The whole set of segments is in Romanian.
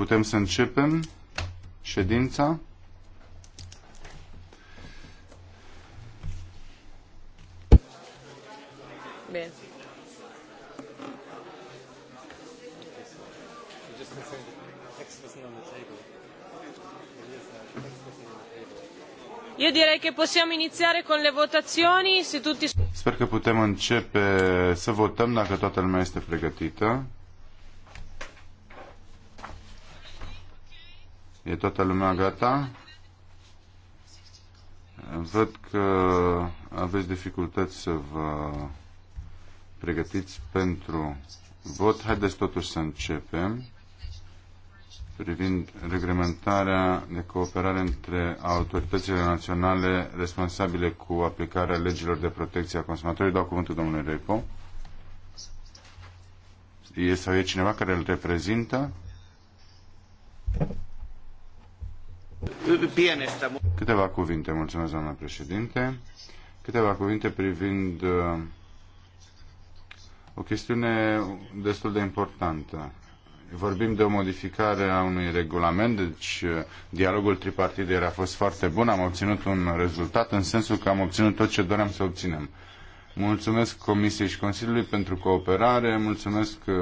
Putem să începem ședința. Bine. Io direi che possiamo iniziare con le votazioni, se tutti... Sper că putem începe să votăm dacă toată lumea este pregătită. E toată lumea gata? Văd că aveți dificultăți să vă pregătiți pentru vot. Haideți totuși să începem privind reglementarea de cooperare între autoritățile naționale responsabile cu aplicarea legilor de protecție a consumatorilor. Dau cuvântul domnului Repo. E sau e cineva care îl reprezintă? Câteva cuvinte, mulțumesc, doamna președinte. Câteva cuvinte privind uh, o chestiune destul de importantă. Vorbim de o modificare a unui regulament, deci uh, dialogul tripartit a fost foarte bun, am obținut un rezultat în sensul că am obținut tot ce doream să obținem. Mulțumesc Comisiei și Consiliului pentru cooperare, mulțumesc uh,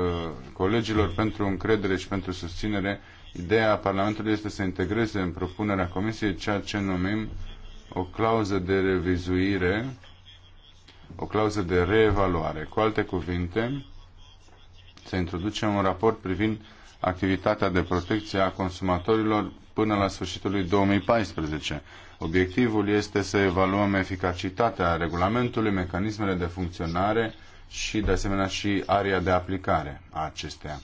colegilor pentru încredere și pentru susținere Ideea Parlamentului este să integreze în propunerea Comisiei ceea ce numim o clauză de revizuire, o clauză de reevaluare. Cu alte cuvinte, să introducem un raport privind activitatea de protecție a consumatorilor până la sfârșitul lui 2014. Obiectivul este să evaluăm eficacitatea regulamentului, mecanismele de funcționare și, de asemenea, și area de aplicare a acesteia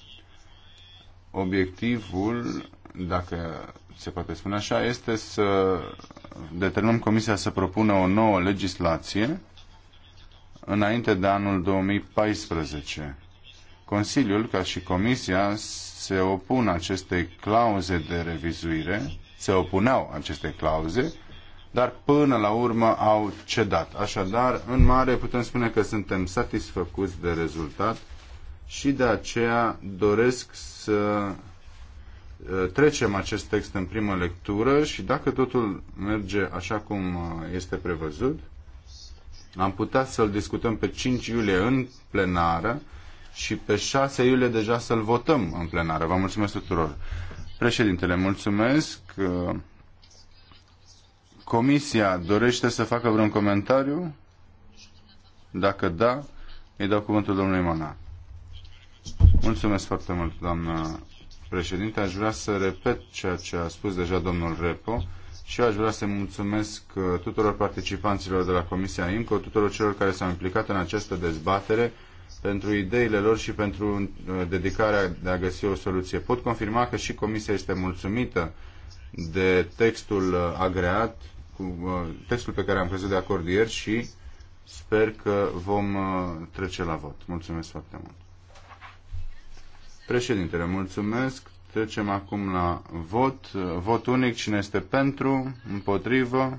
obiectivul, dacă se poate spune așa, este să determinăm Comisia să propună o nouă legislație înainte de anul 2014. Consiliul, ca și Comisia, se opun acestei clauze de revizuire, se opuneau aceste clauze, dar până la urmă au cedat. Așadar, în mare putem spune că suntem satisfăcuți de rezultat și de aceea doresc să uh, trecem acest text în primă lectură și dacă totul merge așa cum uh, este prevăzut, am putea să-l discutăm pe 5 iulie în plenară și pe 6 iulie deja să-l votăm în plenară. Vă mulțumesc tuturor. Președintele, mulțumesc. Uh, comisia dorește să facă vreun comentariu? Dacă da, îi dau cuvântul domnului Mana. Mulțumesc foarte mult, doamnă președinte. Aș vrea să repet ceea ce a spus deja domnul Repo și aș vrea să mulțumesc uh, tuturor participanților de la Comisia IMCO, tuturor celor care s-au implicat în această dezbatere pentru ideile lor și pentru uh, dedicarea de a găsi o soluție. Pot confirma că și Comisia este mulțumită de textul uh, agreat, cu textul pe care am crezut de acord ieri și sper că vom trece la vot. Mulțumesc foarte mult. Președintele, mulțumesc. Trecem acum la vot. Vot unic. Cine este pentru? Împotrivă?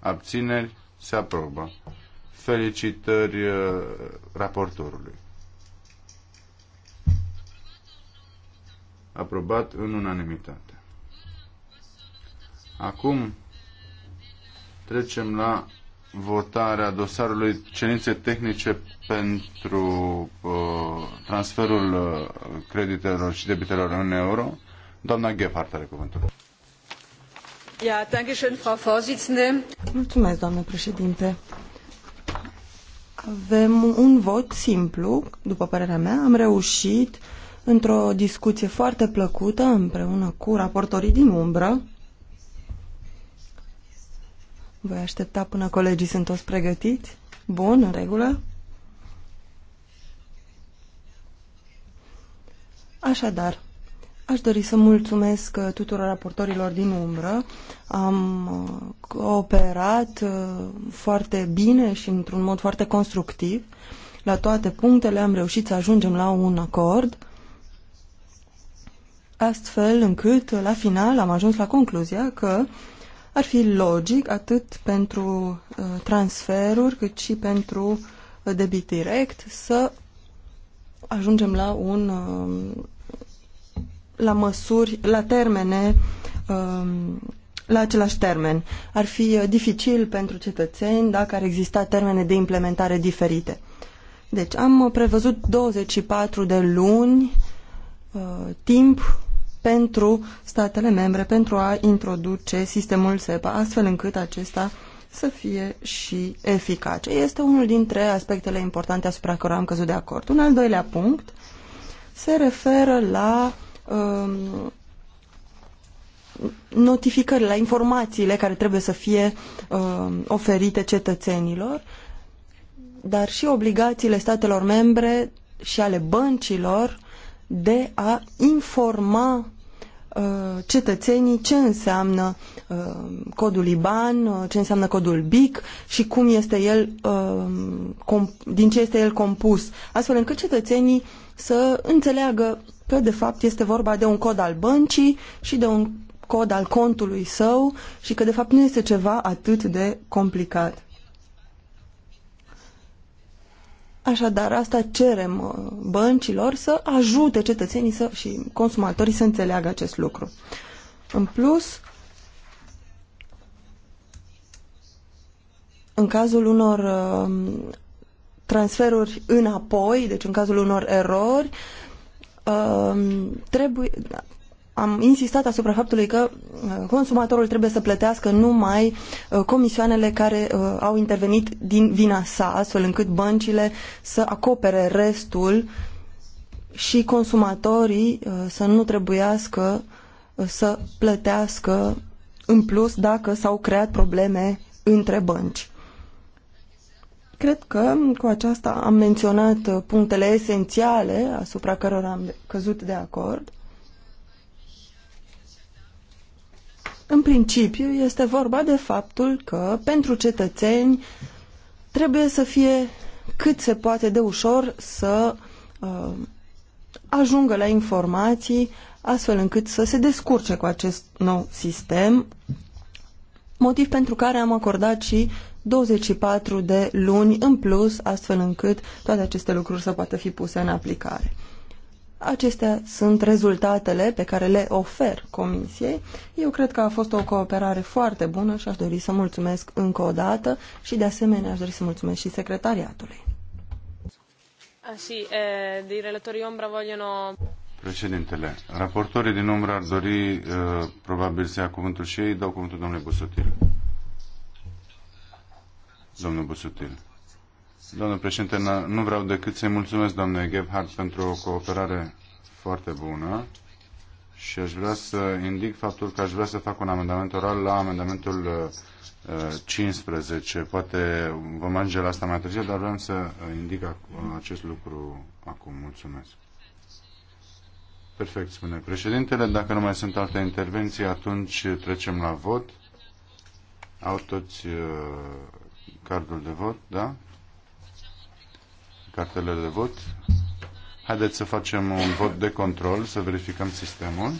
Abțineri? Se aprobă. Felicitări uh, raportorului. Aprobat în unanimitate. Acum trecem la votarea dosarului cerințe tehnice pentru uh, transferul uh, creditelor și debitelor în euro. Doamna Gephardt are cuvântul. Mulțumesc, doamnă președinte. Avem un vot simplu, după părerea mea. Am reușit, într-o discuție foarte plăcută, împreună cu raportorii din umbră, voi aștepta până colegii sunt toți pregătiți? Bun, în regulă? Așadar, aș dori să mulțumesc uh, tuturor raportorilor din umbră. Am uh, cooperat uh, foarte bine și într-un mod foarte constructiv. La toate punctele am reușit să ajungem la un acord, astfel încât la final am ajuns la concluzia că uh, ar fi logic atât pentru uh, transferuri cât și pentru uh, debit direct să ajungem la un uh, la măsuri, la termene um, la același termen. Ar fi dificil pentru cetățeni dacă ar exista termene de implementare diferite. Deci am prevăzut 24 de luni timp pentru statele membre pentru a introduce sistemul SEPA, astfel încât acesta să fie și eficace. Este unul dintre aspectele importante asupra cărora am căzut de acord. Un al doilea punct se referă la um, notificările, la informațiile care trebuie să fie um, oferite cetățenilor, dar și obligațiile statelor membre și ale băncilor de a informa Uh, cetățenii ce înseamnă uh, codul IBAN, uh, ce înseamnă codul BIC și cum este el, din ce este el compus, astfel încât cetățenii să înțeleagă că de fapt este vorba de un cod al băncii și de un cod al contului său și că de fapt nu este ceva atât de complicat. Așadar, asta cerem uh, băncilor să ajute cetățenii să, și consumatorii să înțeleagă acest lucru. În plus, în cazul unor uh, transferuri înapoi, deci în cazul unor erori, uh, trebuie, am insistat asupra faptului că uh, consumatorul trebuie să plătească numai uh, comisioanele care uh, au intervenit din vina sa, astfel încât băncile să acopere restul și consumatorii să nu trebuiască să plătească în plus dacă s-au creat probleme între bănci. Cred că cu aceasta am menționat punctele esențiale asupra cărora am căzut de acord. În principiu, este vorba de faptul că pentru cetățeni trebuie să fie cât se poate de ușor să uh, ajungă la informații astfel încât să se descurce cu acest nou sistem, motiv pentru care am acordat și 24 de luni în plus, astfel încât toate aceste lucruri să poată fi puse în aplicare. Acestea sunt rezultatele pe care le ofer Comisiei. Eu cred că a fost o cooperare foarte bună și aș dori să mulțumesc încă o dată și de asemenea aș dori să mulțumesc și secretariatului. Sì, eh, dei relatori ombra vogliono... Președintele, raportorii din umbră ar dori eh, probabil să ia cuvântul și ei. Dau cuvântul domnului Busutil. Domnul Busutil. Domnule președinte, nu vreau decât să-i mulțumesc, doamne Gebhardt, pentru o cooperare foarte bună și aș vrea să indic faptul că aș vrea să fac un amendament oral la amendamentul 15. Uh, uh, Poate vom merge la asta mai târziu, dar vreau să uh, indic acest lucru acum. Mulțumesc. Perfect, spune președintele. Dacă nu mai sunt alte intervenții, atunci trecem la vot. Au toți cardul de vot, da? cartelele de vot. Haideți să facem un vot de control, să verificăm sistemul.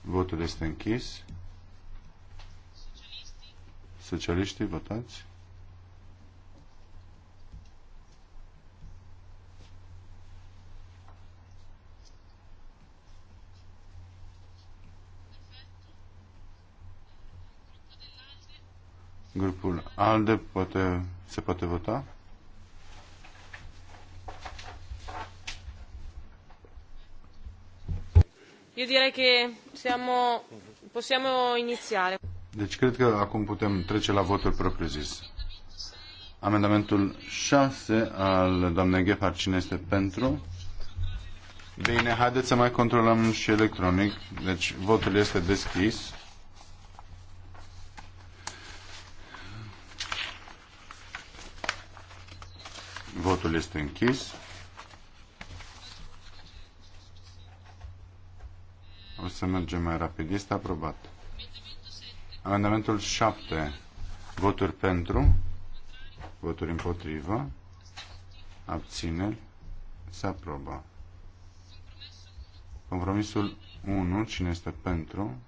Votul este închis. Socialiștii, votați. Grupul ALDE poate, se poate vota? Eu direi că siamo, possiamo iniziare. Deci cred că acum putem trece la votul propriu-zis. Amendamentul 6 al doamnei Ghefar, cine este pentru? Bine, haideți să mai controlăm și electronic. Deci votul este deschis. Votul este închis. O să mergem mai rapid. Este aprobat. Amendamentul 7. Voturi pentru. Voturi împotrivă. Abțineri. Se aprobă. Compromisul 1. Cine este pentru?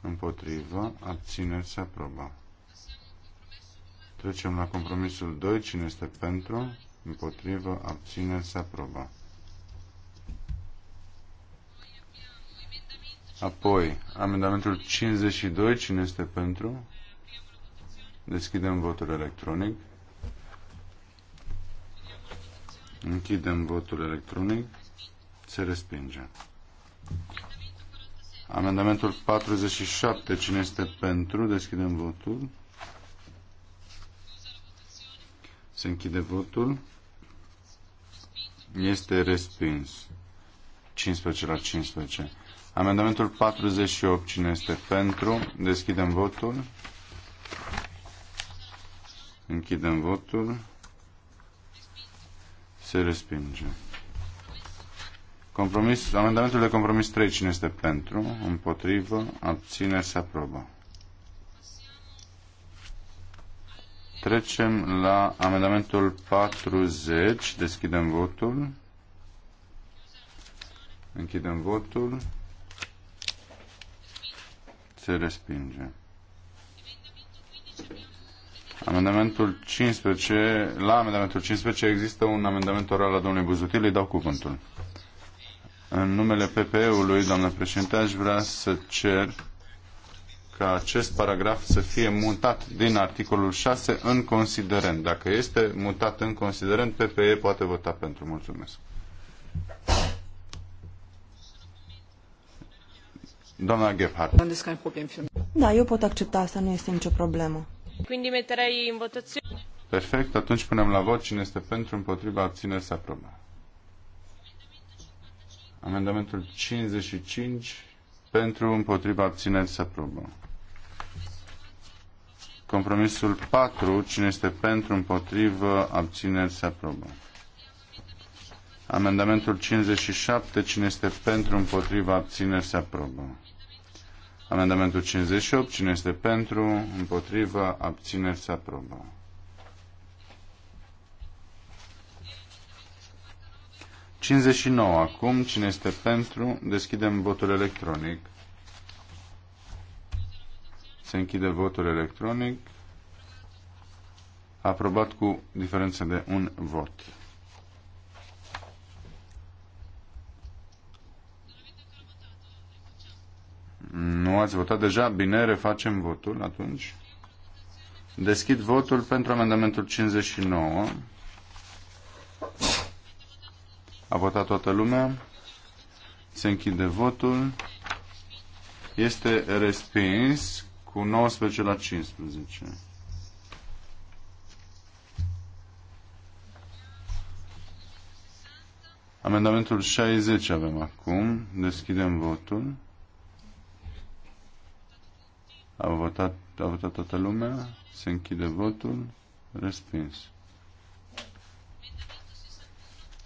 Împotrivă. Abțineri. Se aprobă. Trecem la compromisul 2. Cine este pentru? Împotrivă. Abține? Se aprobă. Apoi, amendamentul 52. Cine este pentru? Deschidem votul electronic. Închidem votul electronic. Se respinge. Amendamentul 47. Cine este pentru? Deschidem votul. Se închide votul. Este respins. 15 la 15. Amendamentul 48. Cine este pentru? Deschidem votul. Închidem votul. Se respinge. Compromis, amendamentul de compromis 3. Cine este pentru? Împotrivă? Abține? Se aprobă. Trecem la amendamentul 40. Deschidem votul. Închidem votul. Se respinge. Amendamentul 15, la amendamentul 15 există un amendament oral al domnului Buzutil, îi dau cuvântul. În numele PPE-ului, doamnă președinte, aș vrea să cer ca acest paragraf să fie mutat din articolul 6 în considerent. Dacă este mutat în considerent, PPE poate vota pentru. Mulțumesc. Doamna Gebhardt. Da, eu pot accepta asta, nu este nicio problemă. Quindi metterei in votazione. Perfect, atunci punem la vot cine este pentru, împotriva, abține să aprobă. Amendamentul 55 pentru, împotriva, abține să aprobă. Compromisul 4, cine este pentru, împotrivă, abțineri, se aprobă. Amendamentul 57, cine este pentru, împotrivă, abțineri, se aprobă. Amendamentul 58, cine este pentru, împotrivă, abțineri, se aprobă. Cincizeci acum, cine este pentru, deschidem votul electronic. Se închide votul electronic. Aprobat cu diferență de un vot. Nu ați votat deja? Bine, refacem votul atunci. Deschid votul pentru amendamentul 59. A votat toată lumea. Se închide votul. Este respins cu 19 la 15. Amendamentul 60 avem acum. Deschidem votul. A votat, a votat toată lumea. Se închide votul. Respins.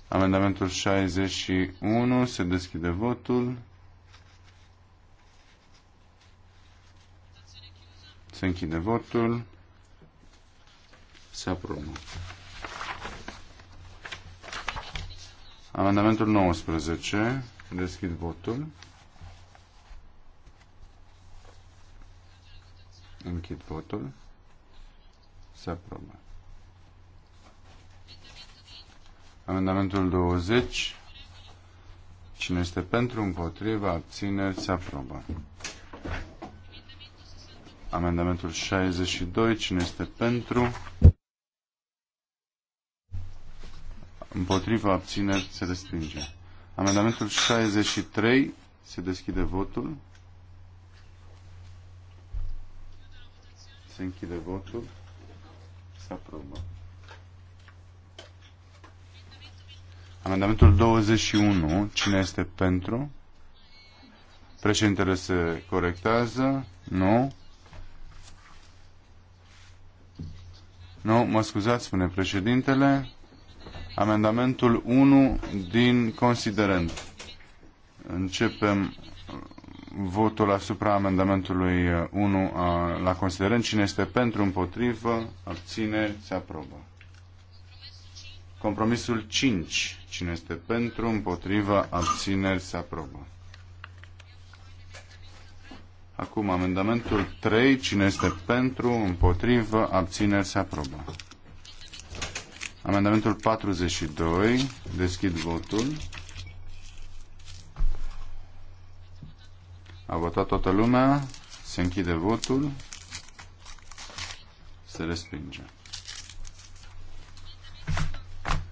Amendamentul 61. Se deschide votul. Se închide votul. Se aprobă. Amendamentul 19. Deschid votul. Închid votul. Se aprobă. Amendamentul 20. Cine este pentru, împotriva, abține, se aprobă. Amendamentul 62. Cine este pentru? Împotriva abțineri se respinge. Amendamentul 63. Se deschide votul. Se închide votul. Se aprobă. Amendamentul 21. Cine este pentru? Președintele se corectează. Nu. Nu, mă scuzați, spune președintele. Amendamentul 1 din considerent. Începem votul asupra amendamentului 1 uh, uh, la considerent. Cine este pentru, împotrivă, abține, se aprobă. Compromisul 5. Cine este pentru, împotrivă, abțineri, se aprobă. Acum amendamentul 3. Cine este pentru, împotrivă, abțineri, se aprobă. Amendamentul 42. Deschid votul. A votat toată lumea. Se închide votul. Se respinge.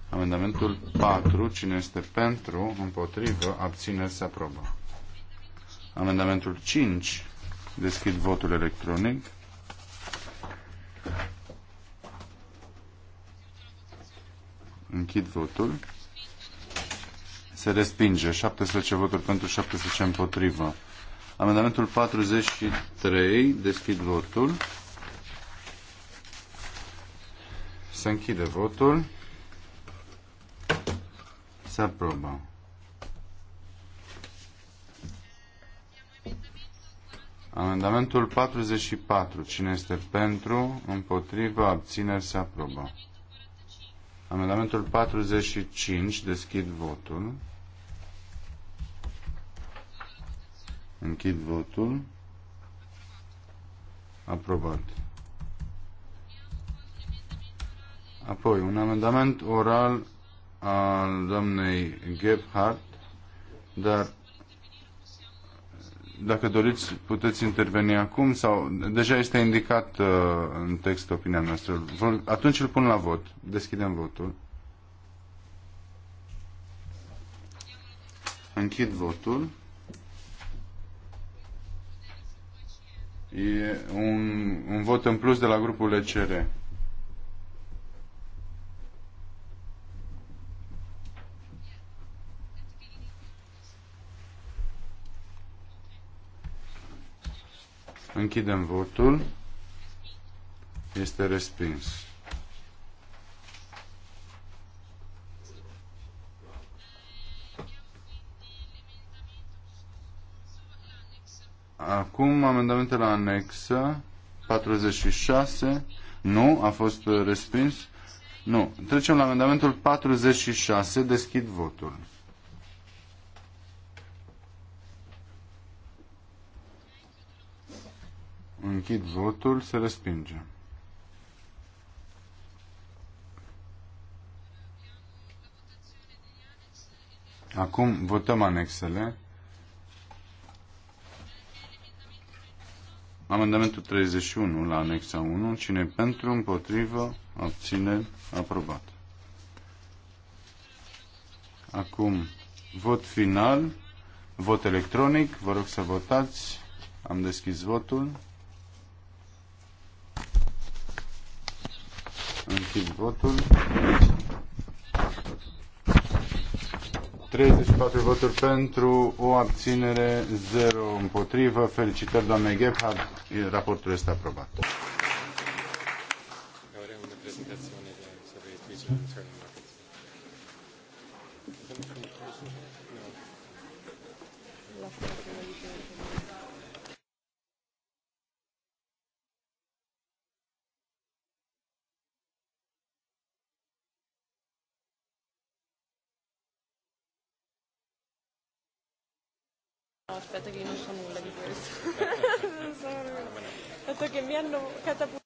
Amendamentul 4. Cine este pentru, împotrivă, abțineri, se aprobă. Amendamentul 5. Deschid votul electronic. Închid votul. Se respinge. 17 voturi pentru, 17 împotrivă. Amendamentul 43. Deschid votul. Se închide votul. Se aprobă. Amendamentul 44. Cine este pentru? Împotrivă? Abțineri? Se aprobă. Amendamentul 45. Deschid votul. Închid votul. Aprobat. Apoi, un amendament oral al doamnei Gebhardt, dar dacă doriți, puteți interveni acum sau deja este indicat uh, în text opinia noastră. Atunci îl pun la vot. Deschidem votul. Închid votul. E un, un vot în plus de la grupul ECR. Închidem votul. Este respins. Acum amendamente la anexă 46. Nu, a fost respins. Nu. Trecem la amendamentul 46. Deschid votul. Închid votul. Se respinge. Acum votăm anexele. Amendamentul 31 la anexa 1. Cine pentru, împotrivă, abține, aprobat. Acum, vot final, vot electronic. Vă rog să votați. Am deschis votul. Închid votul. 34 voturi pentru, o abținere, 0 împotrivă. Felicitări, doamne Gebhardt. Raportul este aprobat. Aspetta che io non so nulla di questo. non so Tanto che mi hanno catapultato.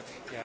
Okay. Yeah.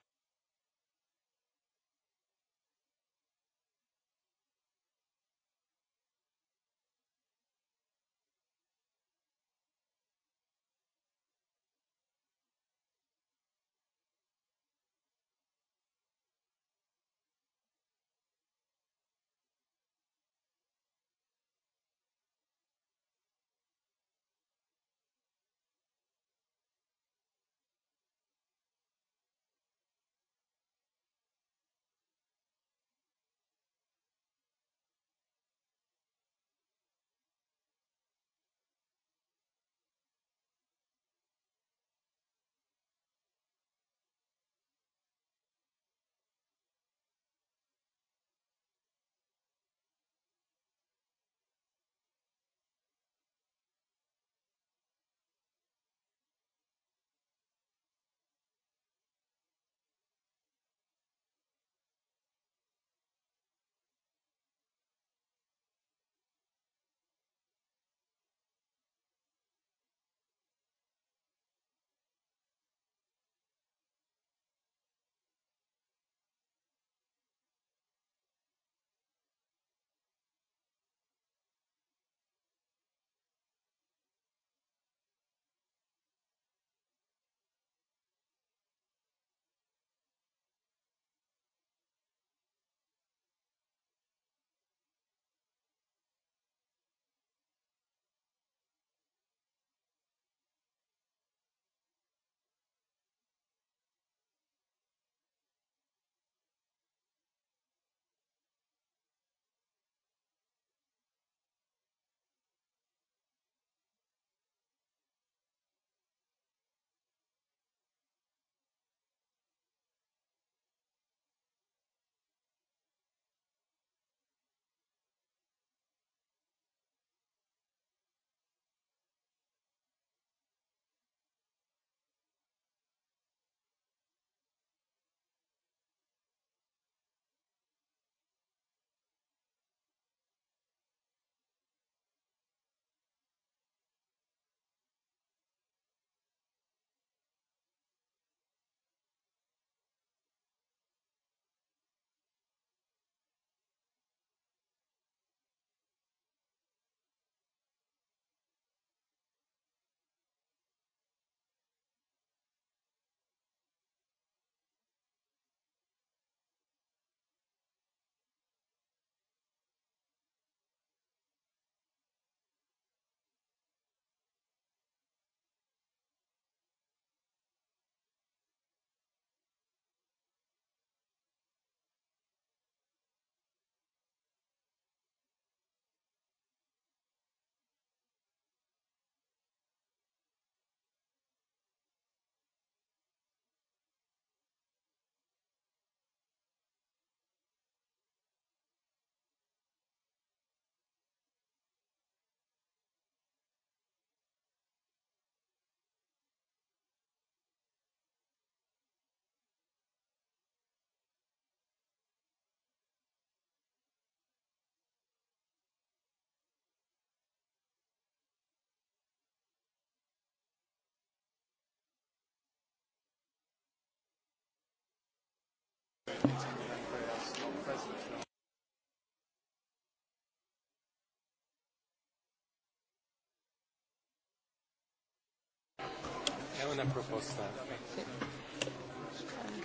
una proposta. Da.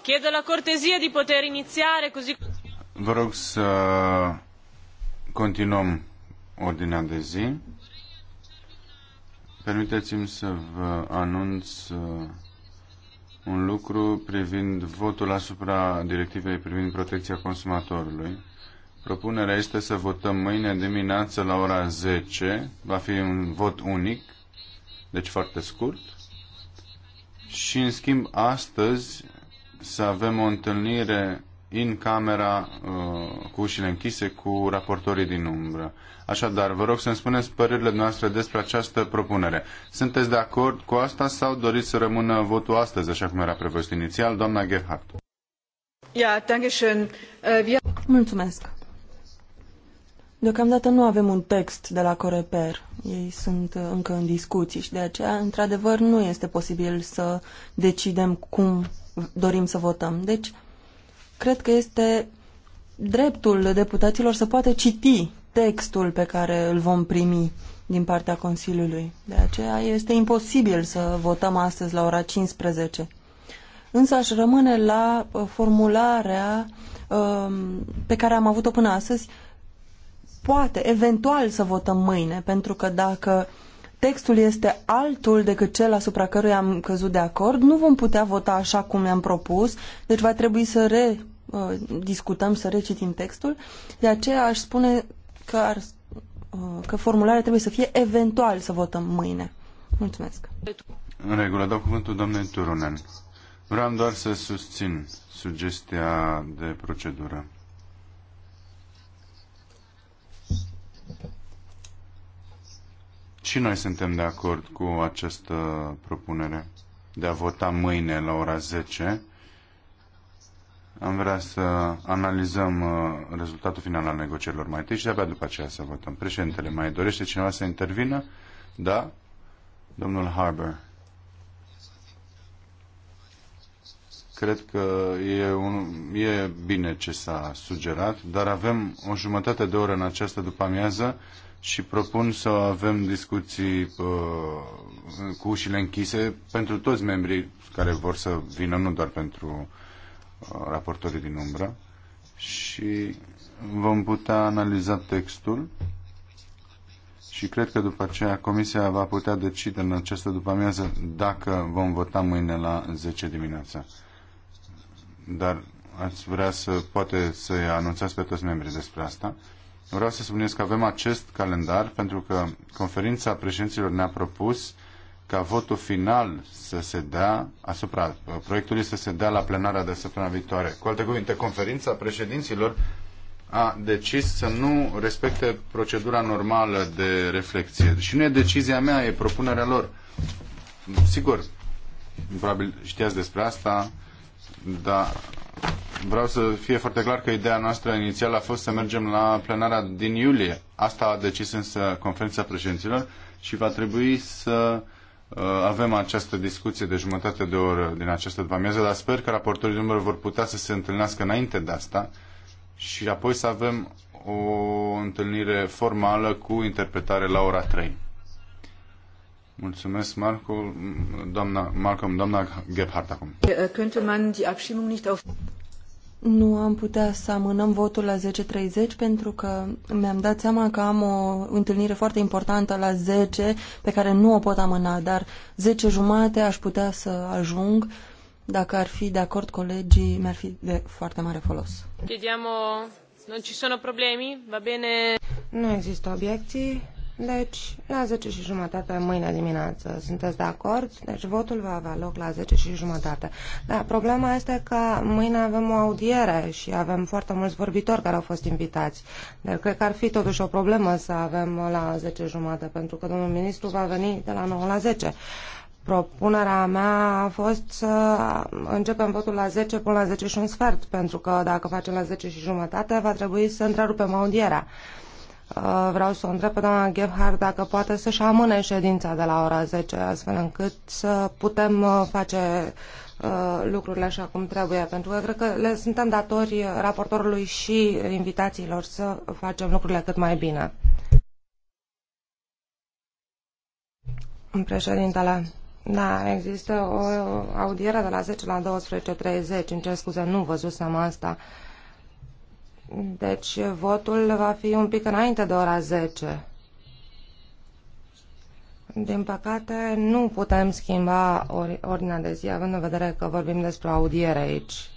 Chiedo la cortesia di poter iniziare così... Vă rog să continuăm ordinea de zi. Permiteți-mi să vă anunț uh, un lucru privind votul asupra directivei privind protecția consumatorului. Propunerea este să votăm mâine dimineață la ora 10. Va fi un vot unic, deci foarte scurt și în schimb astăzi să avem o întâlnire în camera uh, cu ușile închise cu raportorii din umbră. Așadar, vă rog să-mi spuneți părerile noastre despre această propunere. Sunteți de acord cu asta sau doriți să rămână votul astăzi, așa cum era prevăzut inițial? Doamna Gerhardt. Äh, Mulțumesc. Deocamdată nu avem un text de la Coreper. Ei sunt uh, încă în discuții și de aceea, într-adevăr, nu este posibil să decidem cum dorim să votăm. Deci, cred că este dreptul deputaților să poată citi textul pe care îl vom primi din partea Consiliului. De aceea este imposibil să votăm astăzi la ora 15. Însă aș rămâne la uh, formularea um, pe care am avut-o până astăzi, poate eventual să votăm mâine, pentru că dacă textul este altul decât cel asupra căruia am căzut de acord, nu vom putea vota așa cum ne-am propus, deci va trebui să re uh, discutăm, să recitim textul. De aceea aș spune că, ar, uh, că formularea trebuie să fie eventual să votăm mâine. Mulțumesc. În regulă, dau cuvântul doamnei Turunen. Vreau doar să susțin sugestia de procedură. Și noi suntem de acord cu această propunere de a vota mâine la ora 10. Am vrea să analizăm uh, rezultatul final al negocierilor mai întâi și de-abia după aceea să votăm. Președintele, mai dorește cineva să intervină? Da? Domnul Harbour. Cred că e, un, e bine ce s-a sugerat, dar avem o jumătate de oră în această după amiază și propun să avem discuții uh, cu ușile închise pentru toți membrii care vor să vină, nu doar pentru uh, raportorii din umbră. Și vom putea analiza textul și cred că după aceea Comisia va putea decide în această după amiază dacă vom vota mâine la 10 dimineața. Dar ați vrea să poate să-i anunțați pe toți membrii despre asta. Vreau să subliniez că avem acest calendar pentru că conferința președinților ne-a propus ca votul final să se dea asupra uh, proiectului să se dea la plenarea de săptămâna viitoare. Cu alte cuvinte, conferința președinților a decis să nu respecte procedura normală de reflexie. Și nu e decizia mea, e propunerea lor. Sigur, probabil știați despre asta, dar vreau să fie foarte clar că ideea noastră inițială a fost să mergem la plenarea din iulie. Asta a decis însă conferința președinților și va trebui să uh, avem această discuție de jumătate de oră din această după-amiază, dar sper că raportorii număr vor putea să se întâlnească înainte de asta și apoi să avem o întâlnire formală cu interpretare la ora 3. Mulțumesc, Marco. Doamna, Malcolm, doamna Gebhardt acum. Nu am putea să amânăm votul la 10.30 pentru că mi-am dat seama că am o întâlnire foarte importantă la 10 pe care nu o pot amâna, dar 10 jumate aș putea să ajung. Dacă ar fi de acord colegii, mi-ar fi de foarte mare folos. Chiediamo, non ci sono problemi, va bene? Nu există obiecții. Deci, la 10 și jumătate mâine dimineață. Sunteți de acord? Deci votul va avea loc la 10 și jumătate. Dar problema este că mâine avem o audiere și avem foarte mulți vorbitori care au fost invitați. Dar cred că ar fi totuși o problemă să avem la 10 jumătate, pentru că domnul ministru va veni de la 9 la 10. Propunerea mea a fost să începem votul la 10 până la 10 și un sfert, pentru că dacă facem la 10 și jumătate, va trebui să întrerupem audierea. Uh, vreau să o întreb pe doamna Gebhard dacă poate să-și amâne ședința de la ora 10, astfel încât să putem uh, face uh, lucrurile așa cum trebuie, pentru că cred că le suntem datori raportorului și invitațiilor să facem lucrurile cât mai bine. Președintele, da, există o audiere de la 10 la 12.30, În ce scuze, nu văzusem asta. Uh, deci votul va fi un pic înainte de ora 10. Din păcate, nu putem schimba ordinea de zi, având în vedere că vorbim despre audiere aici.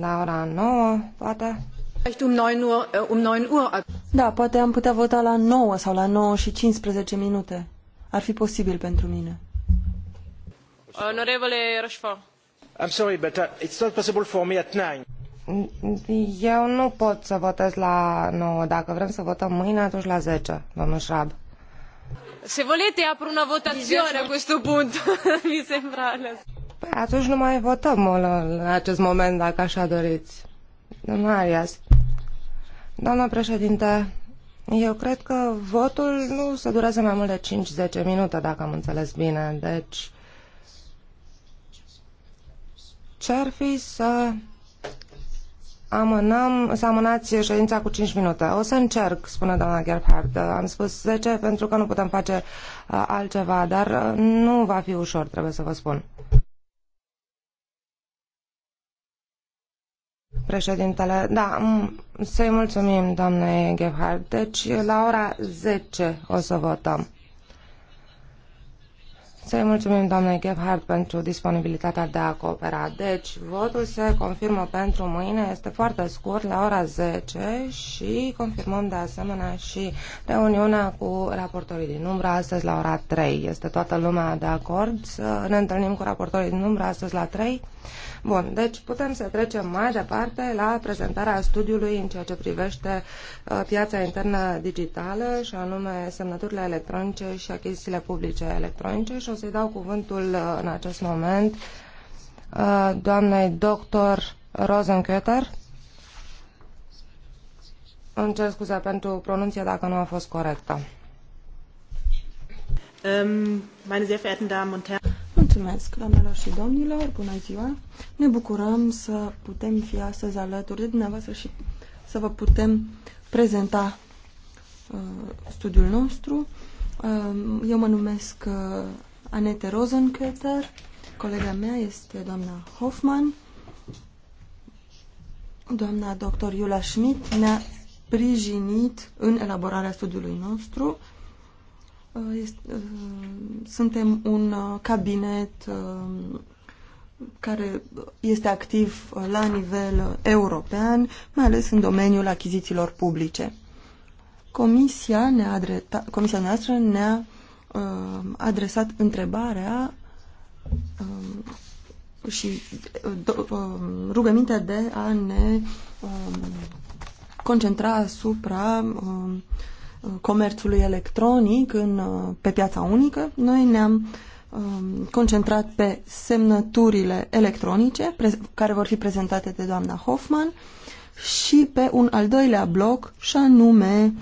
La ora 9, poate? Um uh, um da, poate am putea vota la 9 sau la 9 și 15 minute. Ar fi posibil pentru mine. Onorevole Rochefort. I'm sorry, but uh, it's not possible for me at 9. Eu nu pot să votez la 9. Dacă vrem să votăm mâine, atunci la 10, domnul Șrab. Se volete apro una votazione a questo punto, mi sembra. Păi atunci nu mai votăm în acest moment, dacă așa doriți. Domnul Arias. Doamna președinte, eu cred că votul nu se durează mai mult de 5-10 minute, dacă am înțeles bine. Deci, ce-ar fi să amânăm, să amânați ședința cu 5 minute. O să încerc, spune doamna Gerhardt. Am spus 10 pentru că nu putem face uh, altceva, dar uh, nu va fi ușor, trebuie să vă spun. Președintele, da, să-i mulțumim doamnei Gerhardt. Deci la ora 10 o să votăm. Să-i mulțumim doamnei Gebhardt pentru disponibilitatea de a coopera. Deci, votul se confirmă pentru mâine, este foarte scurt, la ora 10 și confirmăm de asemenea și reuniunea cu raportorii din umbră astăzi la ora 3. Este toată lumea de acord să ne întâlnim cu raportorii din umbră astăzi la 3 Bun, deci putem să trecem mai departe la prezentarea studiului în ceea ce privește uh, piața internă digitală și anume semnăturile electronice și achizițiile publice electronice și o să-i dau cuvântul uh, în acest moment uh, doamnei doctor Rosenkötter. Îmi cer scuze pentru pronunție dacă nu a fost corectă. Um, meine sehr verehrten Damen und Herren. Mulțumesc, doamnelor și domnilor, bună ziua! Ne bucurăm să putem fi astăzi alături de dumneavoastră și să vă putem prezenta uh, studiul nostru. Uh, eu mă numesc uh, Anete Rosenkötter, colega mea este doamna Hoffman, doamna doctor Iula Schmidt ne-a sprijinit în elaborarea studiului nostru. Uh, Uh, uh, suntem un uh, cabinet care este activ la nivel european, mai ales în domeniul achizițiilor publice. Comisia, ne adreta, comisia noastră ne-a uh, adresat întrebarea um, uh, și uh, rugămintea de a ne uh, concentra asupra uh, comerțului electronic în, uh, pe piața unică, noi ne-am um, concentrat pe semnăturile electronice care vor fi prezentate de doamna Hoffman și pe un al doilea bloc și anume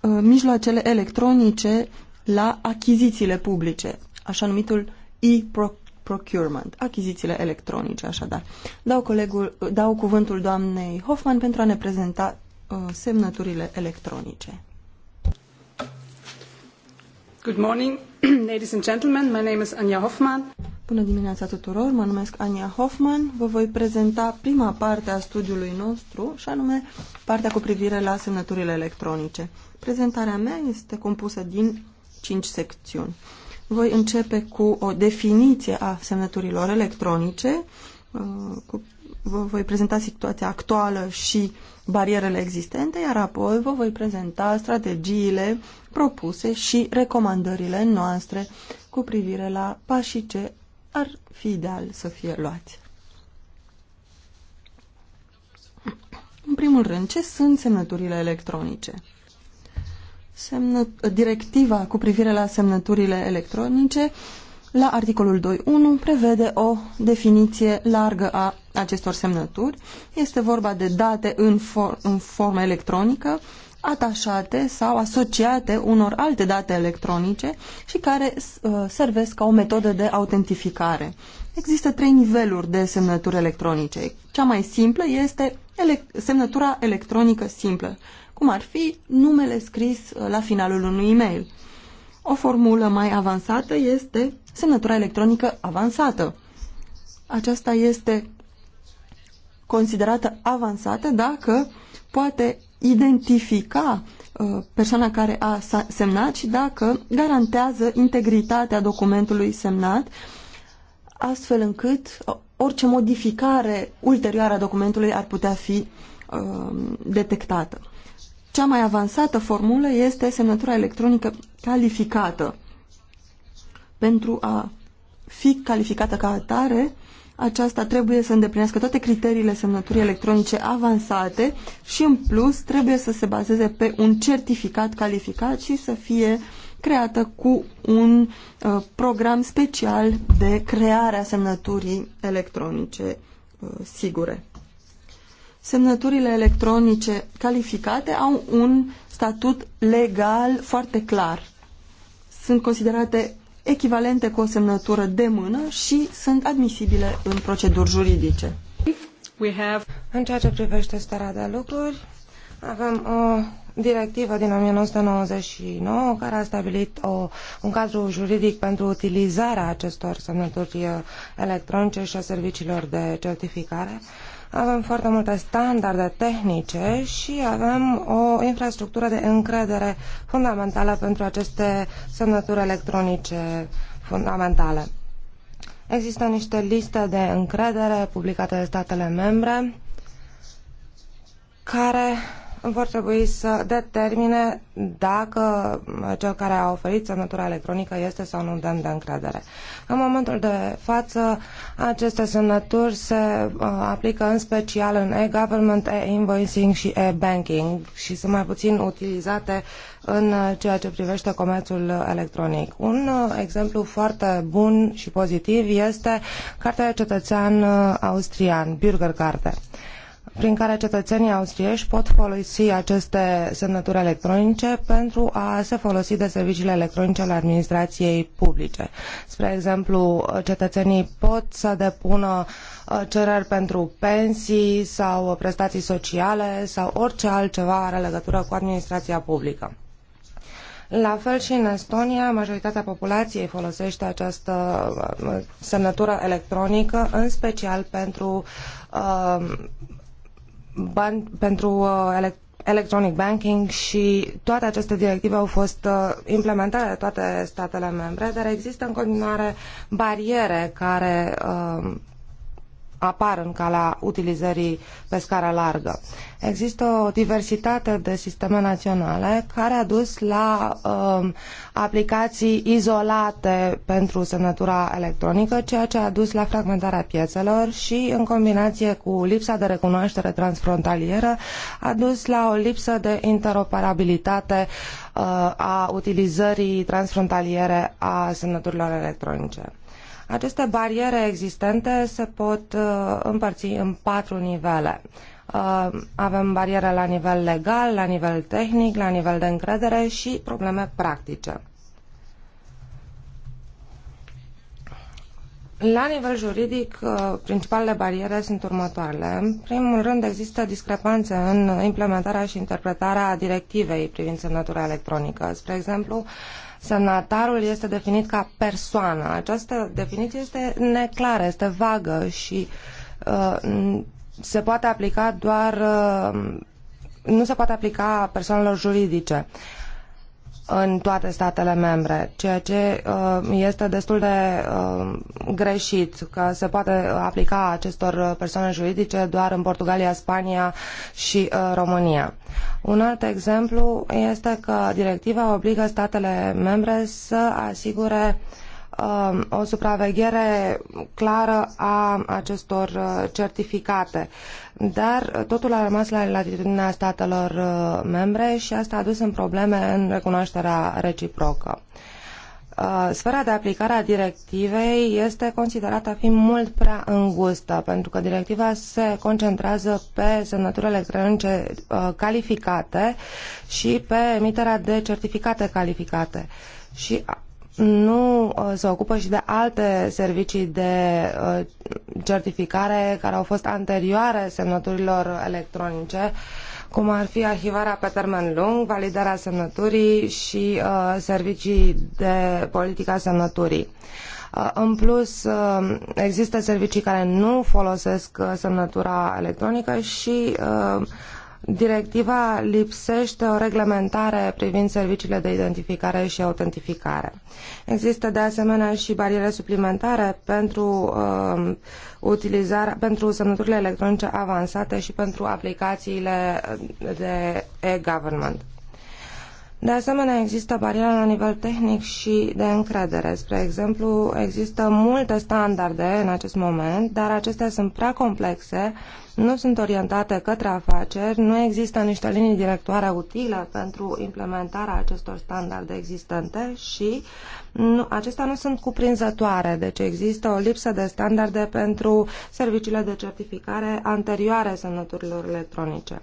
uh, mijloacele electronice la achizițiile publice, așa numitul e-procurement, achizițiile electronice, așadar. Dau, colegul, dau cuvântul doamnei Hoffman pentru a ne prezenta Uh, semnăturile electronice. Good morning, ladies and gentlemen. My name is Anja Hoffman. Bună dimineața tuturor, mă numesc Ania Hoffman. Vă voi prezenta prima parte a studiului nostru, și anume partea cu privire la semnăturile electronice. Prezentarea mea este compusă din cinci secțiuni. Voi începe cu o definiție a semnăturilor electronice, uh, cu vă voi prezenta situația actuală și barierele existente, iar apoi vă voi prezenta strategiile propuse și recomandările noastre cu privire la pașii ce ar fi ideal să fie luați. În primul rând, ce sunt semnăturile electronice? Semnă... Directiva cu privire la semnăturile electronice la articolul 2.1 prevede o definiție largă a acestor semnături. Este vorba de date în, for în formă electronică, atașate sau asociate unor alte date electronice și care uh, servesc ca o metodă de autentificare. Există trei niveluri de semnături electronice. Cea mai simplă este ele semnătura electronică simplă, cum ar fi numele scris uh, la finalul unui e-mail. O formulă mai avansată este semnătura electronică avansată. Aceasta este considerată avansată dacă poate identifica uh, persoana care a semnat și dacă garantează integritatea documentului semnat, astfel încât uh, orice modificare ulterioară a documentului ar putea fi uh, detectată. Cea mai avansată formulă este semnătura electronică calificată. Pentru a fi calificată ca atare, aceasta trebuie să îndeplinească toate criteriile semnăturii electronice avansate și, în plus, trebuie să se bazeze pe un certificat calificat și să fie creată cu un uh, program special de creare a semnăturii electronice uh, sigure. Semnăturile electronice calificate au un statut legal foarte clar. Sunt considerate echivalente cu o semnătură de mână și sunt admisibile în proceduri juridice. Have... În ceea ce privește starea de lucruri, avem o directivă din 1999 care a stabilit o, un cadru juridic pentru utilizarea acestor semnături eh, electronice și a serviciilor de certificare avem foarte multe standarde tehnice și avem o infrastructură de încredere fundamentală pentru aceste semnături electronice fundamentale. Există niște liste de încredere publicate de statele membre care vor trebui să determine dacă cel care a oferit semnătura electronică este sau nu demn de încredere. În momentul de față, aceste semnături se uh, aplică în special în e-government, e-invoicing și e-banking și sunt mai puțin utilizate în uh, ceea ce privește comerțul electronic. Un uh, exemplu foarte bun și pozitiv este Cartea de Cetățean Austrian, Bürgerkarte prin care cetățenii austrieși pot folosi aceste semnături electronice pentru a se folosi de serviciile electronice ale administrației publice. Spre exemplu, cetățenii pot să depună uh, cereri pentru pensii sau prestații sociale sau orice altceva are legătură cu administrația publică. La fel și în Estonia, majoritatea populației folosește această uh, semnătură electronică, în special pentru uh, pentru uh, electronic banking și toate aceste directive au fost uh, implementate de toate statele membre, dar există în continuare bariere care uh, apar în calea utilizării pe scară largă. Există o diversitate de sisteme naționale care a dus la uh, aplicații izolate pentru semnătura electronică, ceea ce a dus la fragmentarea piețelor și, în combinație cu lipsa de recunoaștere transfrontalieră, a dus la o lipsă de interoperabilitate uh, a utilizării transfrontaliere a semnăturilor electronice. Aceste bariere existente se pot uh, împărți în patru nivele. Uh, avem bariere la nivel legal, la nivel tehnic, la nivel de încredere și probleme practice. La nivel juridic, uh, principalele bariere sunt următoarele. În primul rând, există discrepanțe în implementarea și interpretarea directivei privind semnătura electronică. Spre exemplu, Semnatarul este definit ca persoană. Această definiție este neclară, este vagă și uh, se poate aplica doar. Uh, nu se poate aplica persoanelor juridice. Uh, în toate statele membre, ceea ce uh, este destul de uh, greșit, că se poate aplica acestor persoane juridice doar în Portugalia, Spania și uh, România. Un alt exemplu este că directiva obligă statele membre să asigure uh, Um, o supraveghere clară a acestor uh, certificate. Dar uh, totul a rămas la latitudinea statelor uh, membre și asta a dus în probleme în recunoașterea reciprocă. Sfera de aplicare a directivei este considerată a fi mult prea îngustă, pentru că directiva se concentrează pe semnături electronice calificate și pe emiterea de certificate calificate. Și nu uh, se ocupă și de alte servicii de uh, certificare care au fost anterioare semnăturilor electronice, cum ar fi arhivarea pe termen lung, validarea semnăturii și uh, servicii de politica semnăturii. În plus, există servicii care nu folosesc semnătura electronică și directiva lipsește o reglementare privind serviciile de identificare și autentificare. Există de asemenea și bariere suplimentare pentru, uh, um, utilizarea, pentru semnăturile electronice avansate și pentru aplicațiile de e-government. De asemenea, există bariere la nivel tehnic și de încredere. Spre exemplu, există multe standarde în acest moment, dar acestea sunt prea complexe, nu sunt orientate către afaceri, nu există niște linii directoare utile pentru implementarea acestor standarde existente și nu, acestea nu sunt cuprinzătoare, deci există o lipsă de standarde pentru serviciile de certificare anterioare semnăturilor electronice.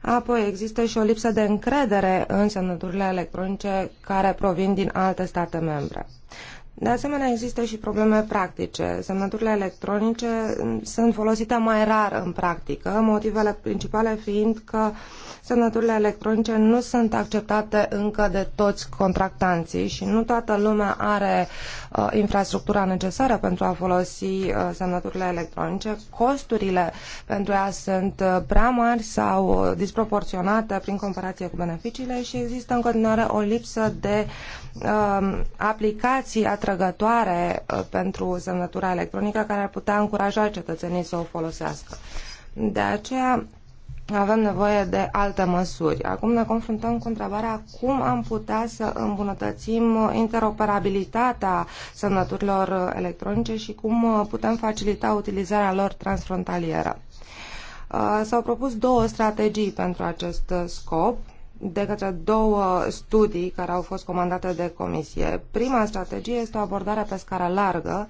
Apoi există și o lipsă de încredere în semnăturile electronice care provin din alte state membre. De asemenea, există și probleme practice. Semnăturile electronice sunt folosite mai rar în practică, motivele principale fiind că semnăturile electronice nu sunt acceptate încă de toți contractanții și nu toată lumea are Uh, infrastructura necesară pentru a folosi uh, semnăturile electronice, costurile pentru ea sunt uh, prea mari sau disproporționate prin comparație cu beneficiile și există în continuare o lipsă de um, aplicații atrăgătoare pentru semnătura electronică care ar putea încuraja cetățenii să o folosească. De aceea, avem nevoie de alte măsuri. Acum ne confruntăm cu întrebarea cum am putea să îmbunătățim interoperabilitatea semnăturilor electronice și cum putem facilita utilizarea lor transfrontalieră. Uh, s-au propus două strategii pentru acest scop de către două studii care au fost comandate de comisie. Prima strategie este o abordare pe scară largă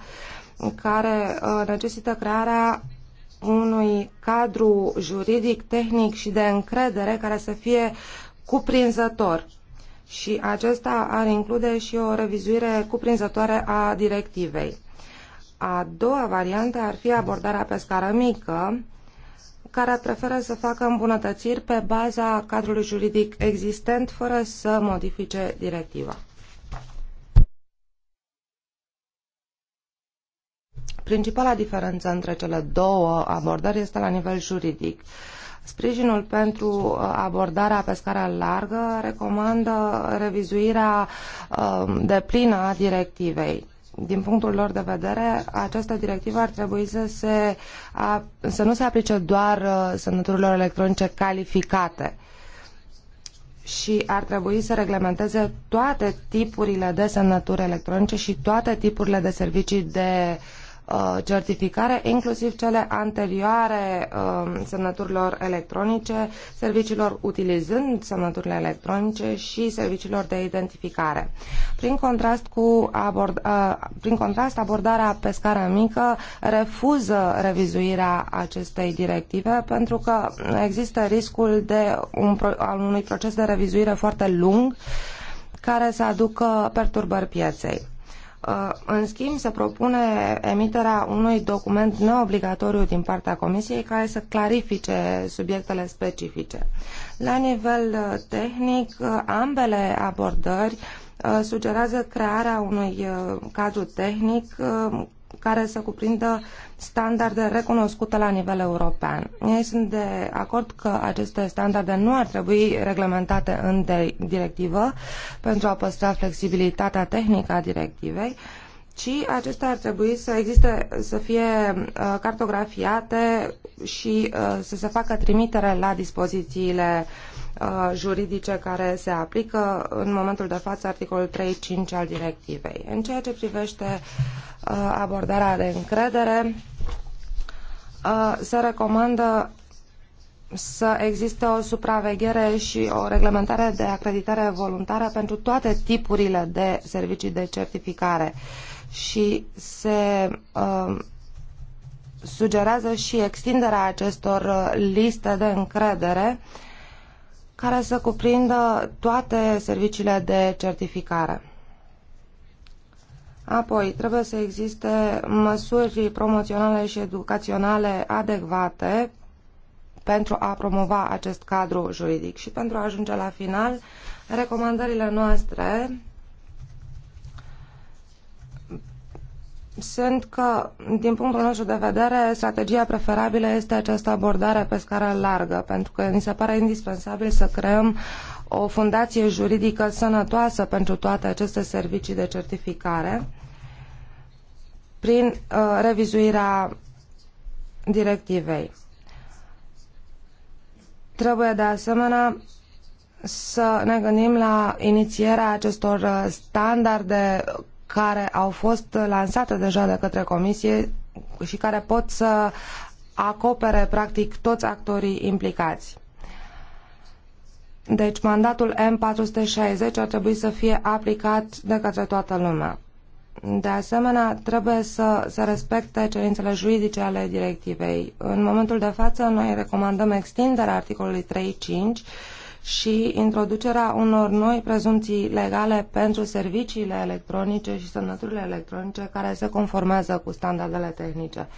care uh, necesită crearea unui cadru juridic, tehnic și de încredere care să fie cuprinzător. Și acesta ar include și o revizuire cuprinzătoare a directivei. A doua variantă ar fi abordarea pe scară mică, care preferă să facă îmbunătățiri pe baza cadrului juridic existent fără să modifice directiva. Principala diferență între cele două abordări este la nivel juridic. Sprijinul pentru uh, abordarea pe scară largă recomandă revizuirea um, de plină a directivei. Din punctul lor de vedere, această directivă ar trebui să, se, să nu se aplice doar uh, semnăturilor electronice calificate și ar trebui să reglementeze toate tipurile de semnături electronice și toate tipurile de servicii de uh, Uh, certificare, inclusiv cele anterioare um, semnăturilor electronice, serviciilor utilizând semnăturile electronice și serviciilor de identificare. Prin contrast, cu abord, uh, prin contrast abordarea pe scară mică refuză revizuirea acestei directive pentru că există riscul de un, al unui proces de revizuire foarte lung care să aducă perturbări pieței. Uh, în schimb, se propune emiterea unui document neobligatoriu din partea Comisiei care să clarifice subiectele specifice. La nivel uh, tehnic, uh, ambele abordări sugerează crearea unui cadru tehnic care să cuprindă standarde recunoscute la nivel european. Ei sunt de acord că aceste standarde nu ar trebui reglementate în directivă pentru a păstra flexibilitatea tehnică a directivei, ci acestea ar trebui să existe, să fie uh, cartografiate și uh, să se facă trimitere la dispozițiile uh, juridice care se aplică în momentul de față articolul 3.5 al directivei. În ceea ce privește abordarea de încredere, se recomandă să existe o supraveghere și o reglementare de acreditare voluntară pentru toate tipurile de servicii de certificare. Uh, și se uh, sugerează și extinderea acestor uh, liste de încredere care să cuprindă toate serviciile de certificare. Apoi, trebuie să existe măsuri promoționale și educaționale adecvate pentru a promova acest cadru juridic. Și pentru a ajunge la final, recomandările noastre sunt că, din punctul nostru de vedere, strategia preferabilă este această abordare pe scară largă, pentru că ni se pare indispensabil să creăm o fundație juridică sănătoasă pentru toate aceste servicii de certificare prin uh, revizuirea directivei. Trebuie de asemenea să ne gândim la inițierea acestor uh, standarde care au fost lansate deja de către Comisie și care pot să acopere practic toți actorii implicați. Deci mandatul M460 ar trebui să fie aplicat de către toată lumea. De asemenea, trebuie să se respecte cerințele juridice ale directivei. În momentul de față, noi recomandăm extinderea articolului 3.5 și introducerea unor noi prezumții legale pentru serviciile electronice și semnăturile electronice care se conformează cu standardele tehnice.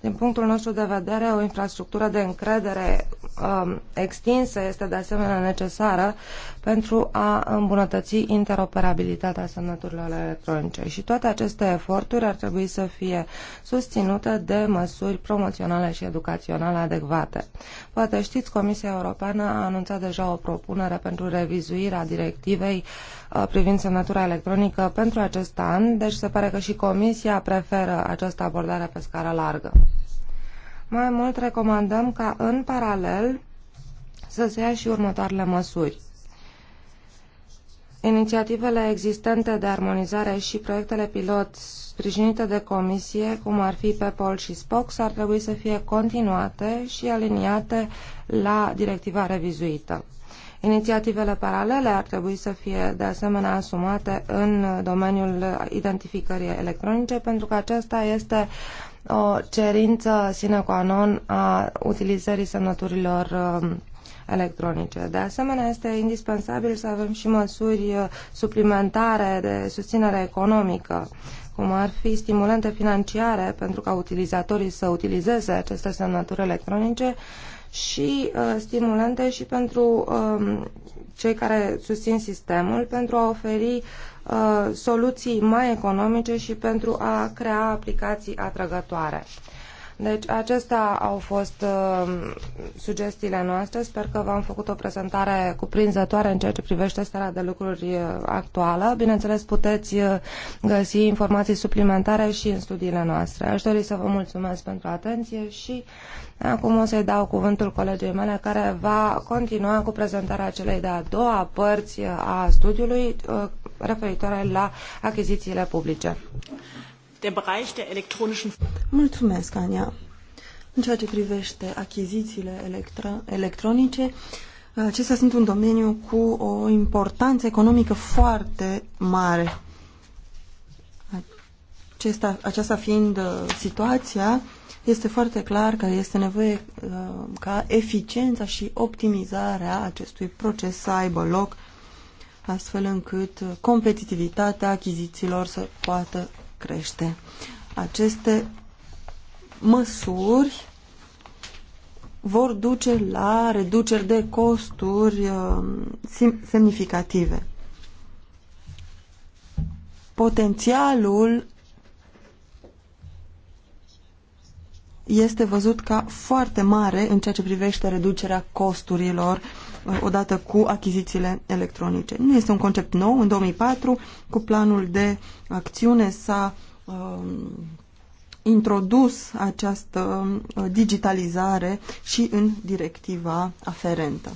Din punctul nostru de vedere, o infrastructură de încredere um, extinsă este de asemenea necesară pentru a îmbunătăți interoperabilitatea semnăturilor electronice. Și toate aceste eforturi ar trebui să fie susținute de măsuri promoționale și educaționale adecvate. Poate știți, Comisia Europeană a anunțat deja o propunere pentru revizuirea directivei uh, Uh, privind semnătura electronică pentru acest an, deci se pare că și Comisia preferă această abordare pe scară largă. Mai mult recomandăm ca în paralel să se ia și următoarele măsuri. Inițiativele existente de armonizare și proiectele pilot sprijinite de comisie, cum ar fi PEPOL și SPOX, ar trebui să fie continuate și aliniate la directiva revizuită. Inițiativele paralele ar trebui să fie de asemenea asumate în domeniul identificării electronice pentru că aceasta este o cerință sine qua non a utilizării semnăturilor um, electronice. De asemenea, este indispensabil să avem și măsuri uh, suplimentare de susținere economică cum ar fi stimulente financiare pentru ca utilizatorii să utilizeze aceste semnături electronice și uh, stimulente și pentru uh, cei care susțin sistemul, pentru a oferi uh, soluții mai economice și pentru a crea aplicații atrăgătoare. Deci acestea au fost uh, sugestiile noastre. Sper că v-am făcut o prezentare cuprinzătoare în ceea ce privește starea de lucruri uh, actuală. Bineînțeles, puteți uh, găsi informații suplimentare și în studiile noastre. Aș dori să vă mulțumesc pentru atenție și acum o să-i dau cuvântul colegii mele care va continua cu prezentarea celei de-a doua părți uh, a studiului uh, referitoare la achizițiile publice. Mulțumesc, Ania. În ceea ce privește achizițiile electro electronice, acestea sunt un domeniu cu o importanță economică foarte mare. Acesta, aceasta fiind uh, situația, este foarte clar că este nevoie uh, ca eficiența și optimizarea acestui proces să aibă loc, astfel încât uh, competitivitatea achizițiilor să poată crește. Aceste măsuri vor duce la reduceri de costuri uh, semnificative. Potențialul este văzut ca foarte mare în ceea ce privește reducerea costurilor uh, odată cu achizițiile electronice. Nu este un concept nou. În 2004, cu planul de acțiune s-a uh, introdus această uh, digitalizare și în directiva aferentă.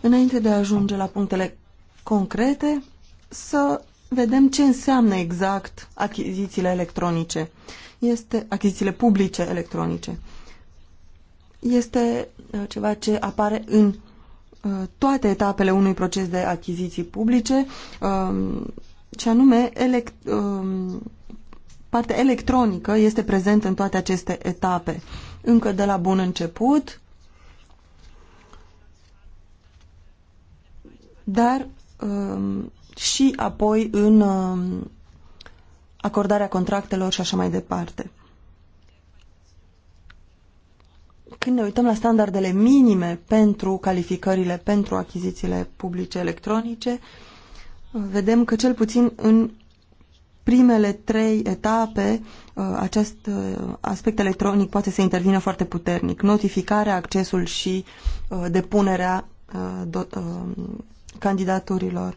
Înainte de a ajunge la punctele concrete, să vedem ce înseamnă exact achizițiile electronice. Este achizițiile publice electronice. Este Uh, ceva ce apare în uh, toate etapele unui proces de achiziții publice, um, și anume elect um, partea electronică este prezentă în toate aceste etape. Încă de la bun început, dar um, și apoi în acordarea contractelor și așa mai departe. Când ne uităm la standardele minime pentru calificările pentru achizițiile publice electronice, vedem că cel puțin în primele trei etape uh, acest uh, aspect electronic poate să intervină foarte puternic. Notificarea, accesul și uh, depunerea candidaturilor.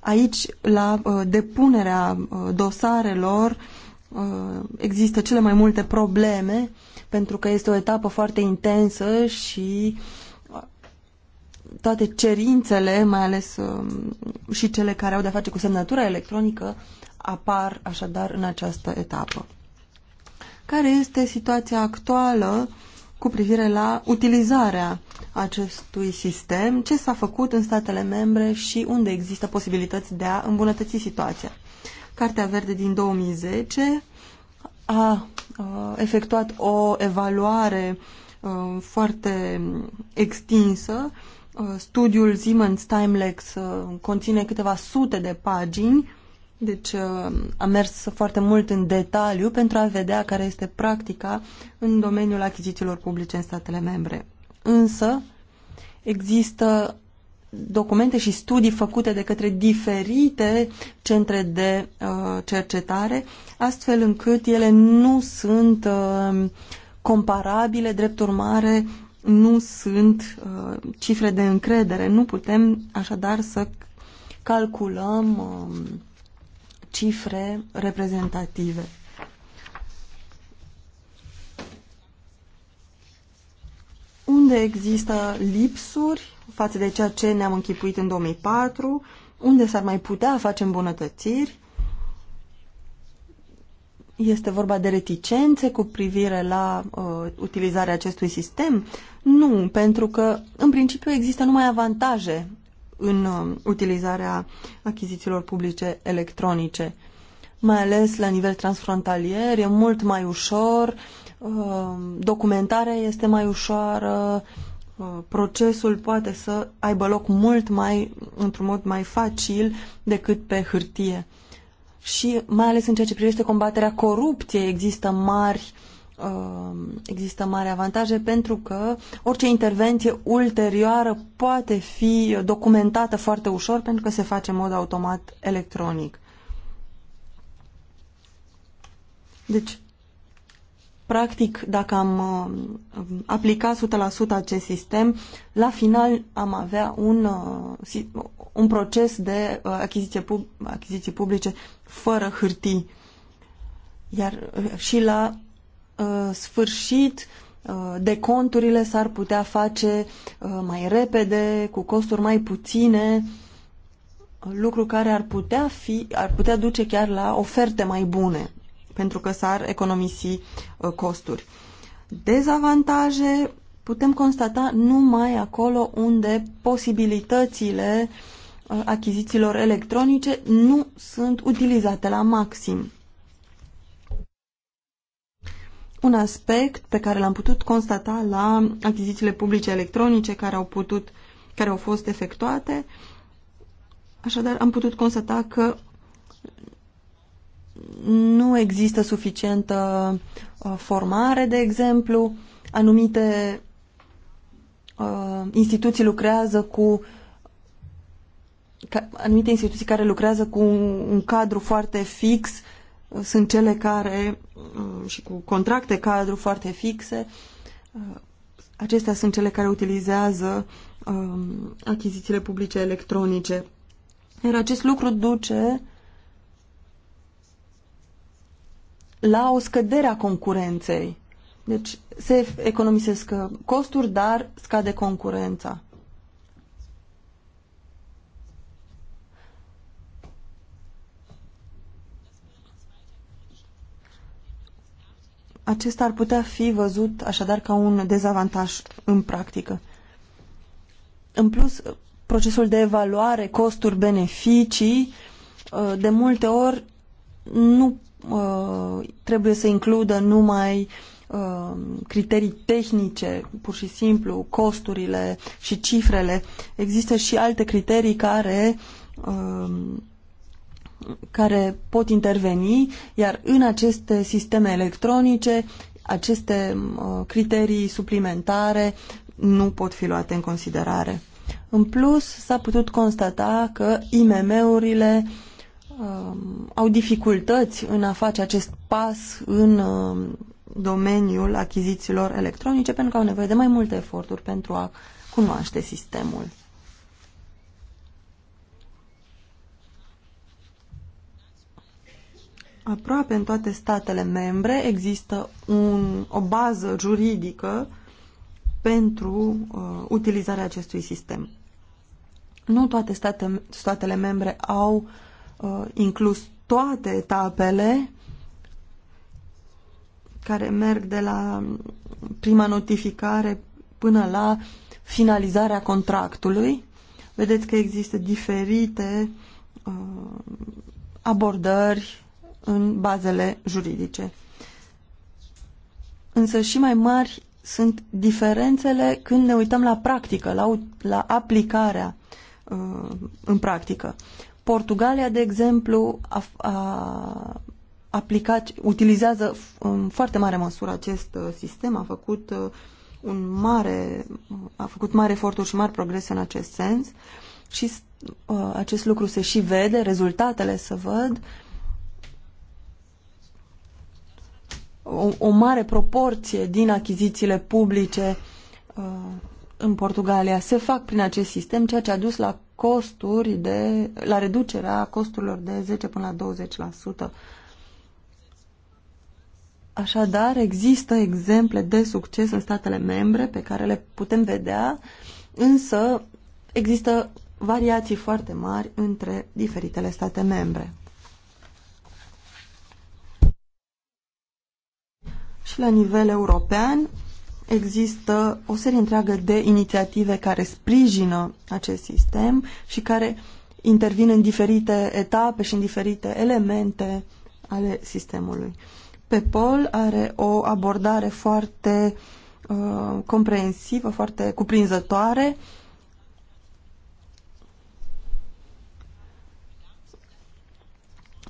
Aici, la depunerea dosarelor, există cele mai multe probleme pentru că este o etapă foarte intensă și toate cerințele, mai ales um, și cele care au de-a face cu semnătura electronică, apar așadar în această etapă. Care este situația actuală cu privire la utilizarea acestui sistem, ce s-a făcut în statele membre și unde există posibilități de a îmbunătăți situația? Cartea verde din 2010 a efectuat o evaluare foarte extinsă. Studiul Siemens Timelex conține câteva sute de pagini, deci a mers foarte mult în detaliu pentru a vedea care este practica în domeniul achizițiilor publice în statele membre. Însă există documente și studii făcute de către diferite centre de uh, cercetare, astfel încât ele nu sunt uh, comparabile, drept urmare nu sunt uh, cifre de încredere. Nu putem așadar să calculăm uh, cifre reprezentative. Unde există lipsuri, față de ceea ce ne-am închipuit în 2004, unde s-ar mai putea face îmbunătățiri. Este vorba de reticențe cu privire la uh, utilizarea acestui sistem? Nu, pentru că în principiu există numai avantaje în uh, utilizarea achizițiilor publice electronice. Mai ales la nivel transfrontalier, e mult mai ușor, uh, documentarea este mai ușoară, uh, Uh, procesul poate să aibă loc mult mai, într-un mod mai facil decât pe hârtie. Și mai ales în ceea ce privește combaterea corupției există mari uh, există mari avantaje pentru că orice intervenție ulterioară poate fi documentată foarte ușor pentru că se face în mod automat electronic. Deci, Practic, dacă am uh, aplicat 100% acest sistem, la final am avea un, uh, un proces de uh, achiziție, pub achiziții publice fără hârtii. Iar și la sfârșit, de conturile s-ar putea face mai repede, cu costuri mai puține, lucru care ar putea, fi, ar putea duce chiar la oferte mai bune pentru că s-ar economisi uh, costuri. Dezavantaje putem constata numai acolo unde posibilitățile uh, achizițiilor electronice nu sunt utilizate la maxim. Un aspect pe care l-am putut constata la achizițiile publice electronice care au, putut, care au fost efectuate, așadar am putut constata că nu există suficientă uh, formare, de exemplu, anumite uh, instituții lucrează cu anumite instituții care lucrează cu un cadru foarte fix uh, sunt cele care și cu contracte cadru foarte fixe acestea sunt cele care utilizează um, achizițiile publice electronice iar acest lucru duce la o scădere a concurenței. Deci se economisesc costuri, dar scade concurența. Acesta ar putea fi văzut așadar ca un dezavantaj în practică. În plus, procesul de evaluare, costuri, beneficii, de multe ori nu Uh, trebuie să includă numai uh, criterii tehnice, pur și simplu, costurile și cifrele. Există și alte criterii care uh, care pot interveni, iar în aceste sisteme electronice, aceste criterii suplimentare nu pot fi luate în considerare. În plus, s-a putut constata că IMM-urile uh, Um, au dificultăți în a face acest pas în um, domeniul achizițiilor electronice pentru că au nevoie de mai multe eforturi pentru a cunoaște sistemul. Aproape în toate statele membre există un, o bază juridică pentru uh, utilizarea acestui sistem. Nu toate state, statele membre au uh, uh, inclus toate etapele care merg de la prima notificare până la finalizarea contractului. Vedeți că există diferite uh, abordări în bazele juridice. Însă și mai mari sunt diferențele când ne uităm la practică, la, la aplicarea uh, în practică. Portugalia, de exemplu, a, a aplicat, utilizează în foarte mare măsură acest uh, sistem, a făcut uh, un mare, a făcut mare eforturi și mari progrese în acest sens și uh, acest lucru se și vede, rezultatele se văd. O, o mare proporție din achizițiile publice în Portugalia se fac prin acest sistem, ceea ce a dus la costuri de, la reducerea costurilor de 10 până la 20%. Așadar, există exemple de succes în statele membre pe care le putem vedea, însă există variații foarte mari între diferitele state membre. Și la nivel european, există o serie întreagă de inițiative care sprijină acest sistem și care intervin în diferite etape și în diferite elemente ale sistemului. PEPOL are o abordare foarte uh, comprehensivă, foarte cuprinzătoare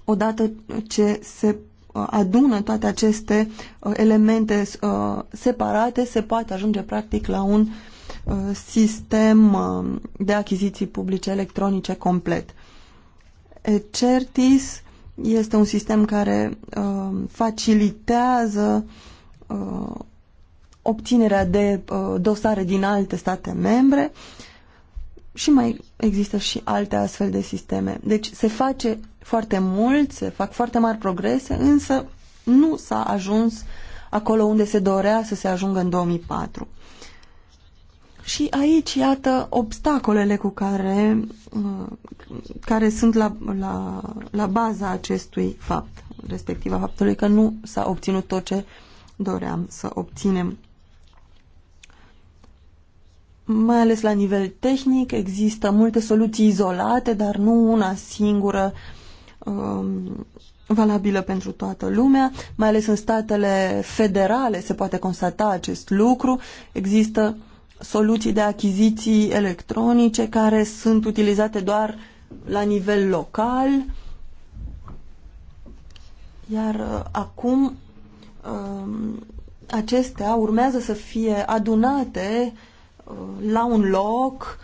odată ce se Uh, adună toate aceste uh, elemente uh, separate, se poate ajunge practic la un sistem de achiziții publice electronice complet. Certis este un sistem care facilitează obținerea de dosare din alte state membre și mai există și alte astfel de sisteme. Deci se face foarte mult, se fac foarte mari progrese, însă nu s-a ajuns acolo unde se dorea să se ajungă în 2004. Și aici, iată, obstacolele cu care, uh, care sunt la, la, la baza acestui fapt, respectiv a faptului că nu s-a obținut tot ce doream să obținem. Mai ales la nivel tehnic există multe soluții izolate, dar nu una singură uh, Um, valabilă pentru toată lumea, mai ales în statele federale se poate constata acest lucru. Există soluții de achiziții electronice care sunt utilizate doar la nivel local. Iar uh, acum uh, acestea urmează să fie adunate uh, la un loc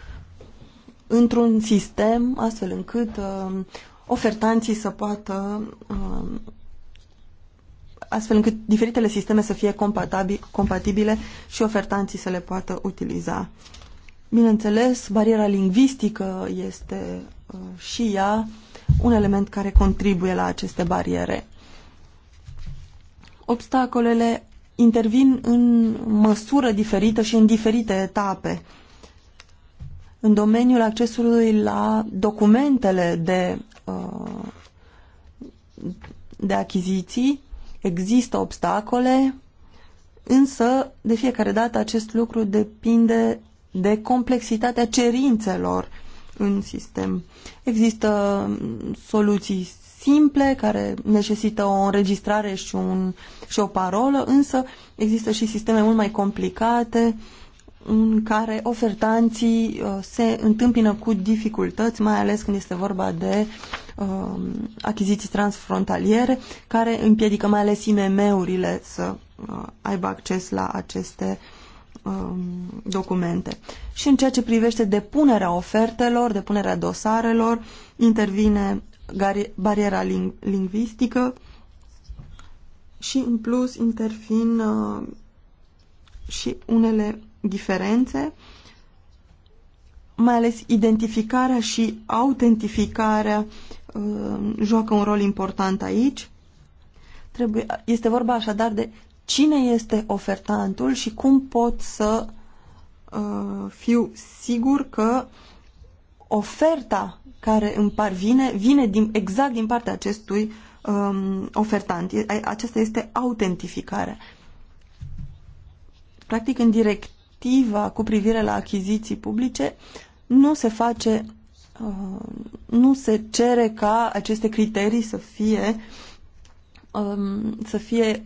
într-un sistem astfel încât um, ofertanții să poată um, astfel încât diferitele sisteme să fie compatibile și ofertanții să le poată utiliza. Bineînțeles, bariera lingvistică este uh, și ea un element care contribuie la aceste bariere. Obstacolele intervin în măsură diferită și în diferite etape. În domeniul accesului la documentele de de achiziții, există obstacole, însă de fiecare dată acest lucru depinde de complexitatea cerințelor în sistem. Există soluții simple care necesită o înregistrare și, un, și o parolă, însă există și sisteme mult mai complicate uh, în care ofertanții uh, se întâmpină cu dificultăți, mai ales când este vorba de um, achiziții transfrontaliere, care împiedică mai ales IMM-urile să uh, aibă acces la aceste um, documente. Și în ceea ce privește depunerea ofertelor, depunerea dosarelor, intervine bariera ling lingvistică și în plus intervin uh, și unele diferențe, mai ales identificarea și autentificarea uh, joacă un rol important aici. Trebuie, este vorba așadar de cine este ofertantul și cum pot să uh, fiu sigur că oferta care îmi parvine vine din, exact din partea acestui um, ofertant. Aceasta este autentificarea. Practic, în direct directiva cu privire la achiziții publice nu se face, uh, nu se cere ca aceste criterii să fie, um, să fie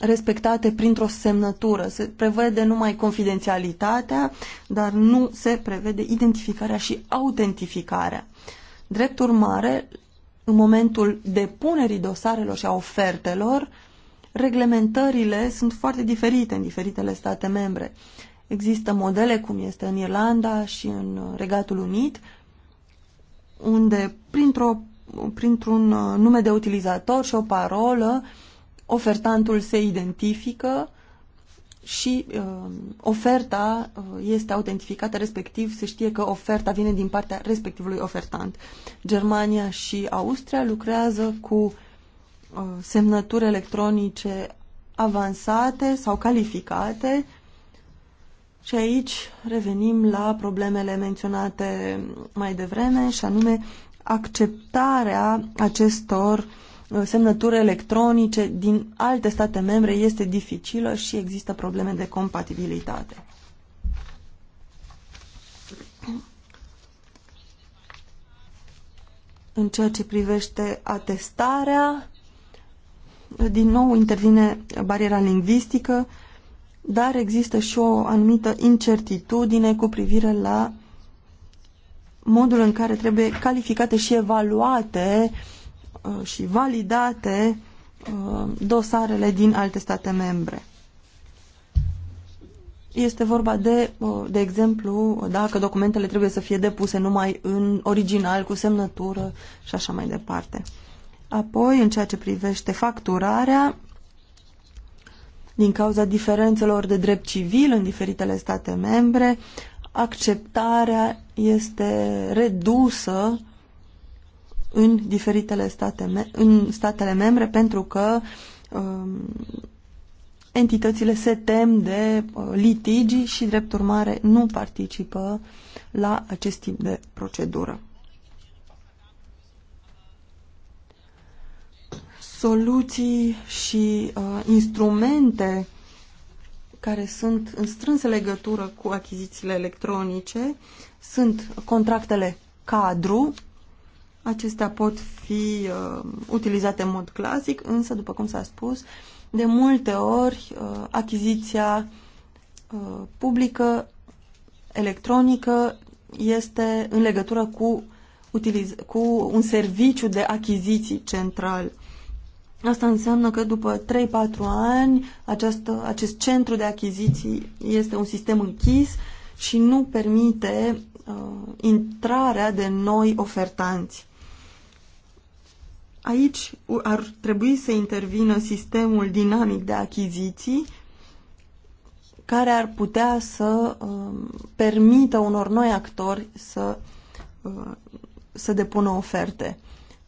respectate printr-o semnătură. Se prevede numai confidențialitatea, dar nu se prevede identificarea și autentificarea. Drept urmare, în momentul depunerii dosarelor și a ofertelor, reglementările sunt foarte diferite în diferitele state membre. Există modele, cum este în Irlanda și în Regatul Unit, unde printr un printr-un uh, nume de utilizator și o parolă, ofertantul se identifică și uh, oferta uh, este autentificată, respectiv se știe că oferta vine din partea respectivului ofertant. Germania și Austria lucrează cu Uh, semnături electronice avansate sau calificate. Și aici revenim la problemele menționate mai devreme și anume acceptarea acestor uh, semnături electronice din alte state membre este dificilă și există probleme de compatibilitate. În ceea ce privește atestarea, din nou intervine bariera lingvistică, dar există și o anumită incertitudine cu privire la modul în care trebuie calificate și evaluate uh, și validate uh, dosarele din alte state membre. Este vorba de, uh, de exemplu, dacă documentele trebuie să fie depuse numai în original, cu semnătură și așa mai departe. Apoi, în ceea ce privește facturarea, din cauza diferențelor de drept civil în diferitele state membre, acceptarea este redusă în diferitele state, în statele membre pentru că um, entitățile se tem de uh, litigi și, drept urmare, nu participă la acest tip de procedură. soluții și uh, instrumente care sunt în strânsă legătură cu achizițiile electronice sunt contractele cadru. Acestea pot fi uh, utilizate în mod clasic, însă, după cum s-a spus, de multe ori uh, achiziția uh, publică electronică este în legătură cu, utiliz- cu un serviciu de achiziții central Asta înseamnă că după 3-4 ani acest acest centru de achiziții este un sistem închis și nu permite uh, intrarea de noi ofertanți. Aici ar trebui să intervină sistemul dinamic de achiziții care ar putea să uh, permită unor noi actori să, uh, să depună oferte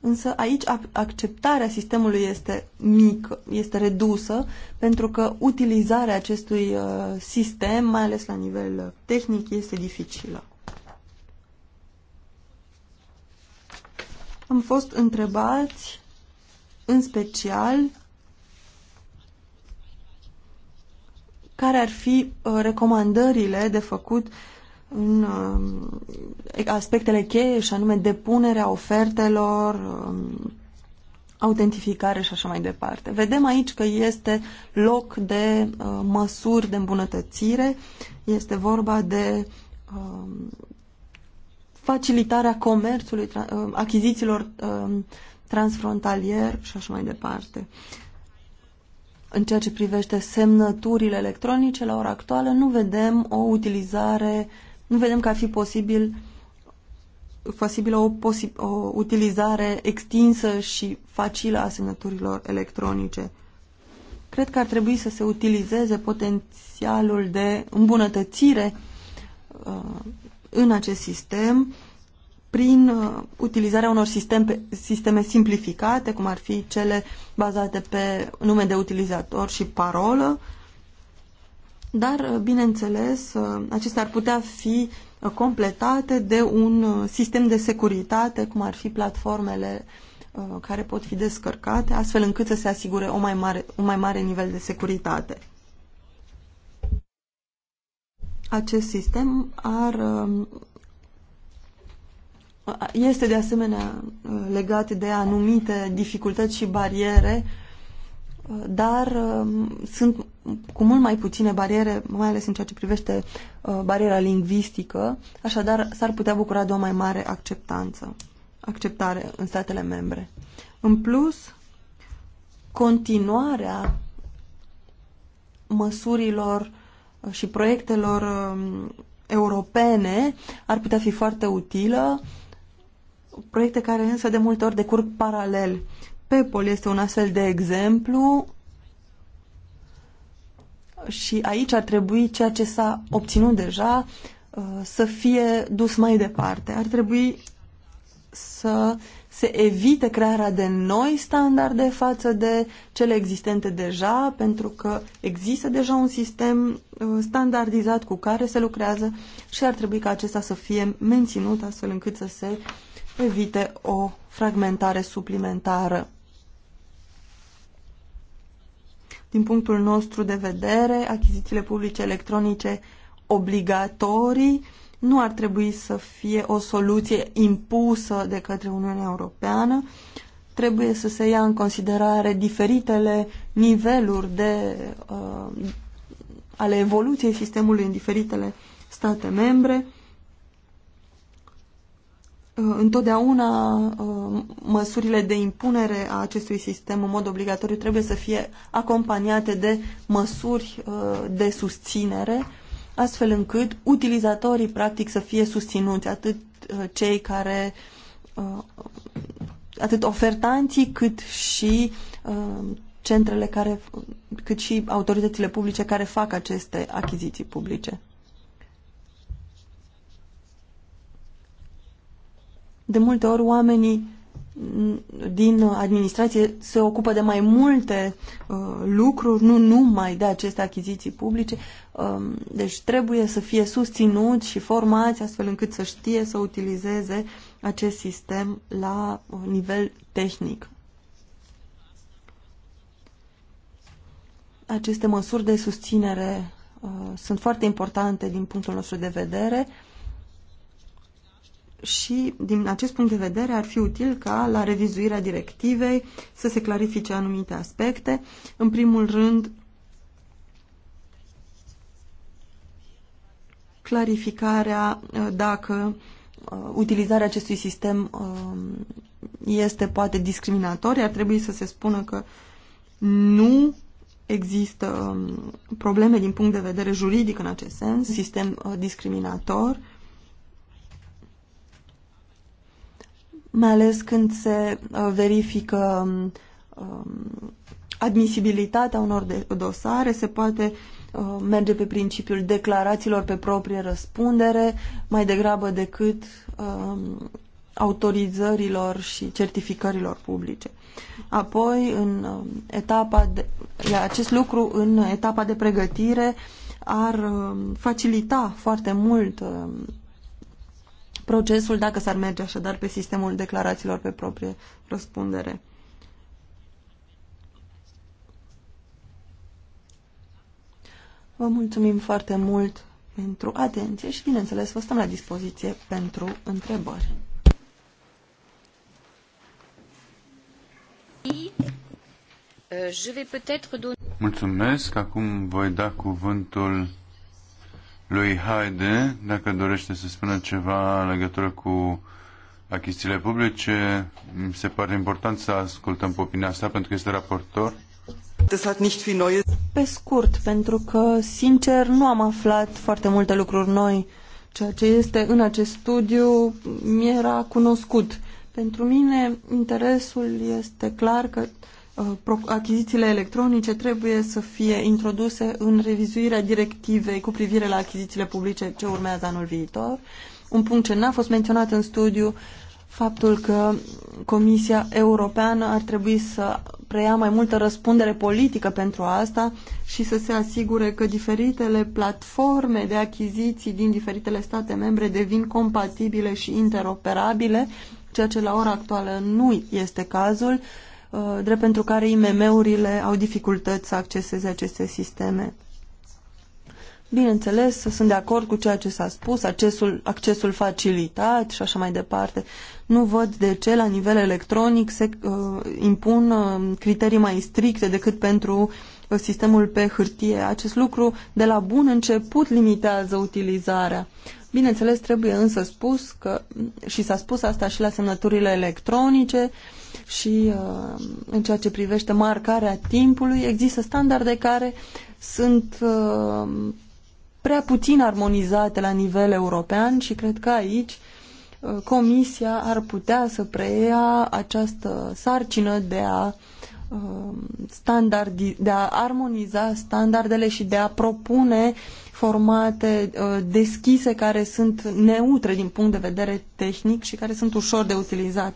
Însă aici acceptarea sistemului este mică, este redusă, pentru că utilizarea acestui uh, sistem, mai ales la nivel uh, tehnic, este dificilă. Am fost întrebați, în special, care ar fi uh, recomandările de făcut în um, aspectele cheie și anume depunerea ofertelor, um, autentificare și așa mai departe. Vedem aici că este loc de uh, măsuri de îmbunătățire, este vorba de um, facilitarea comerțului, uh, achizițiilor transfrontalier și așa mai departe. În ceea ce privește semnăturile electronice, la ora actuală nu vedem o utilizare uh, nu vedem că ar fi posibil posibilă o, posi o utilizare extinsă și facilă a semnăturilor electronice. Cred că ar trebui să se utilizeze potențialul de îmbunătățire uh, în acest sistem prin uh, utilizarea unor sisteme, sisteme simplificate, cum ar fi cele bazate pe nume de utilizator și parolă, uh, dar, uh, bineînțeles, uh, acestea ar putea fi uh, completate de un sistem de securitate, cum ar fi platformele care pot fi descărcate, astfel încât să se asigure o mai mare, un mai mare nivel de securitate. Acest sistem ar, um, este de asemenea legat de anumite dificultăți și bariere dar um, sunt cu mult mai puține bariere, mai ales în ceea ce privește uh, bariera lingvistică, așadar s-ar putea bucura de o mai mare acceptanță, acceptare în statele membre. În plus, continuarea măsurilor uh, și proiectelor um, europene ar putea fi foarte utilă, proiecte care însă de multe ori decurg paralel PEPOL este un astfel de exemplu și aici ar trebui ceea ce s-a obținut deja uh, să fie dus mai departe. Ar trebui să se evite crearea de noi standarde față de cele existente deja, pentru că există deja un sistem uh, standardizat cu care se lucrează și ar trebui ca acesta să fie menținut astfel încât să se evite o fragmentare suplimentară. Din punctul nostru de vedere, achizițiile publice electronice obligatorii nu ar trebui să fie o soluție impusă de către Uniunea Europeană. Trebuie să se ia în considerare diferitele niveluri de, uh, ale evoluției sistemului în diferitele state membre Uh, întotdeauna uh, măsurile de impunere a acestui sistem în mod obligatoriu trebuie să fie acompaniate de măsuri uh, de susținere, astfel încât utilizatorii practic să fie susținuți, atât cei care atât ofertanții cât și centrele care, cât și autoritățile publice care fac aceste achiziții publice. De multe ori oamenii din administrație se ocupă de mai multe uh, lucruri, nu numai de aceste achiziții publice. Uh, deci trebuie să fie susținuți și formați astfel încât să știe să utilizeze acest sistem la uh, nivel tehnic. Aceste măsuri de susținere uh, sunt foarte importante din punctul nostru de vedere. Uh, și din acest punct de vedere ar fi util ca la revizuirea directivei să se clarifice anumite aspecte. În primul rând, clarificarea uh, dacă uh, utilizarea acestui sistem um, este poate discriminatorie, ar trebui să se spună că nu există um, probleme din punct de vedere juridic în acest sens, sistem uh, discriminator, mai ales când se uh, verifică um, admisibilitatea unor dosare, se poate uh, merge pe principiul declarațiilor pe proprie răspundere, mai degrabă decât um, autorizărilor și certificărilor publice. Apoi, în um, etapa de, acest lucru în etapa de pregătire ar facilita foarte mult procesul dacă s-ar merge așadar pe sistemul declarațiilor pe proprie răspundere. Vă mulțumim foarte mult pentru atenție și, bineînțeles, vă stăm la dispoziție pentru întrebări. Euh, Mulțumesc. Acum voi da cuvântul lui Haide, dacă dorește să spună ceva în legătură cu achizițiile publice. Mi se pare important să ascultăm opinia asta pentru că este raportor. Pe scurt, pentru că, sincer, nu am aflat foarte multe lucruri noi. Ceea ce este în acest studiu mi era cunoscut. Pentru mine, interesul este clar că Uh, achizițiile electronice trebuie să fie introduse în revizuirea directivei cu privire la achizițiile publice ce urmează anul viitor. Un punct ce n-a fost menționat în studiu, faptul că Comisia Europeană ar trebui să preia mai multă răspundere politică pentru asta și să se asigure că diferitele platforme de achiziții din diferitele state membre devin compatibile și interoperabile, ceea ce la ora actuală nu este cazul. Uh, Uh, drept pentru care IMM-urile au dificultăți să acceseze aceste sisteme. Bineînțeles, sunt de acord cu ceea ce s-a spus, accesul, accesul facilitat și așa mai departe. Nu văd de ce la nivel electronic se uh, impun uh, criterii mai stricte decât pentru uh, sistemul pe hârtie. Acest lucru de la bun început limitează utilizarea. Bineînțeles, trebuie însă spus că, și s-a spus asta și la semnăturile electronice și uh, în ceea ce privește marcarea timpului, există standarde care sunt uh, prea puțin armonizate la nivel european și cred că aici uh, Comisia ar putea să preia această sarcină de a Um, standard, de a armoniza standardele și de a propune formate uh, deschise care sunt neutre din punct de vedere tehnic și care sunt ușor de utilizat.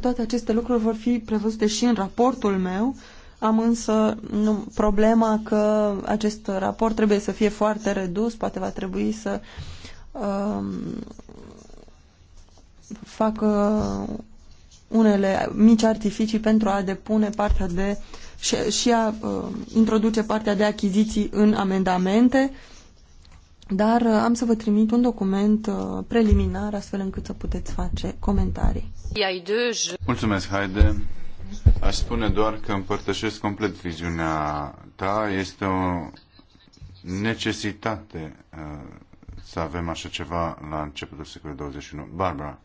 Toate aceste lucruri vor fi prevăzute și în raportul meu. Am însă nu, problema că acest raport trebuie să fie foarte redus, poate va trebui să um, fac unele mici artificii pentru a depune partea de și, și a uh, introduce partea de achiziții în amendamente, dar uh, am să vă trimit un document uh, preliminar astfel încât să puteți face comentarii. Mulțumesc, Haide. Aș spune doar că împărtășesc complet viziunea ta. Este o necesitate uh, să avem așa ceva la începutul secolului 21. Barbara.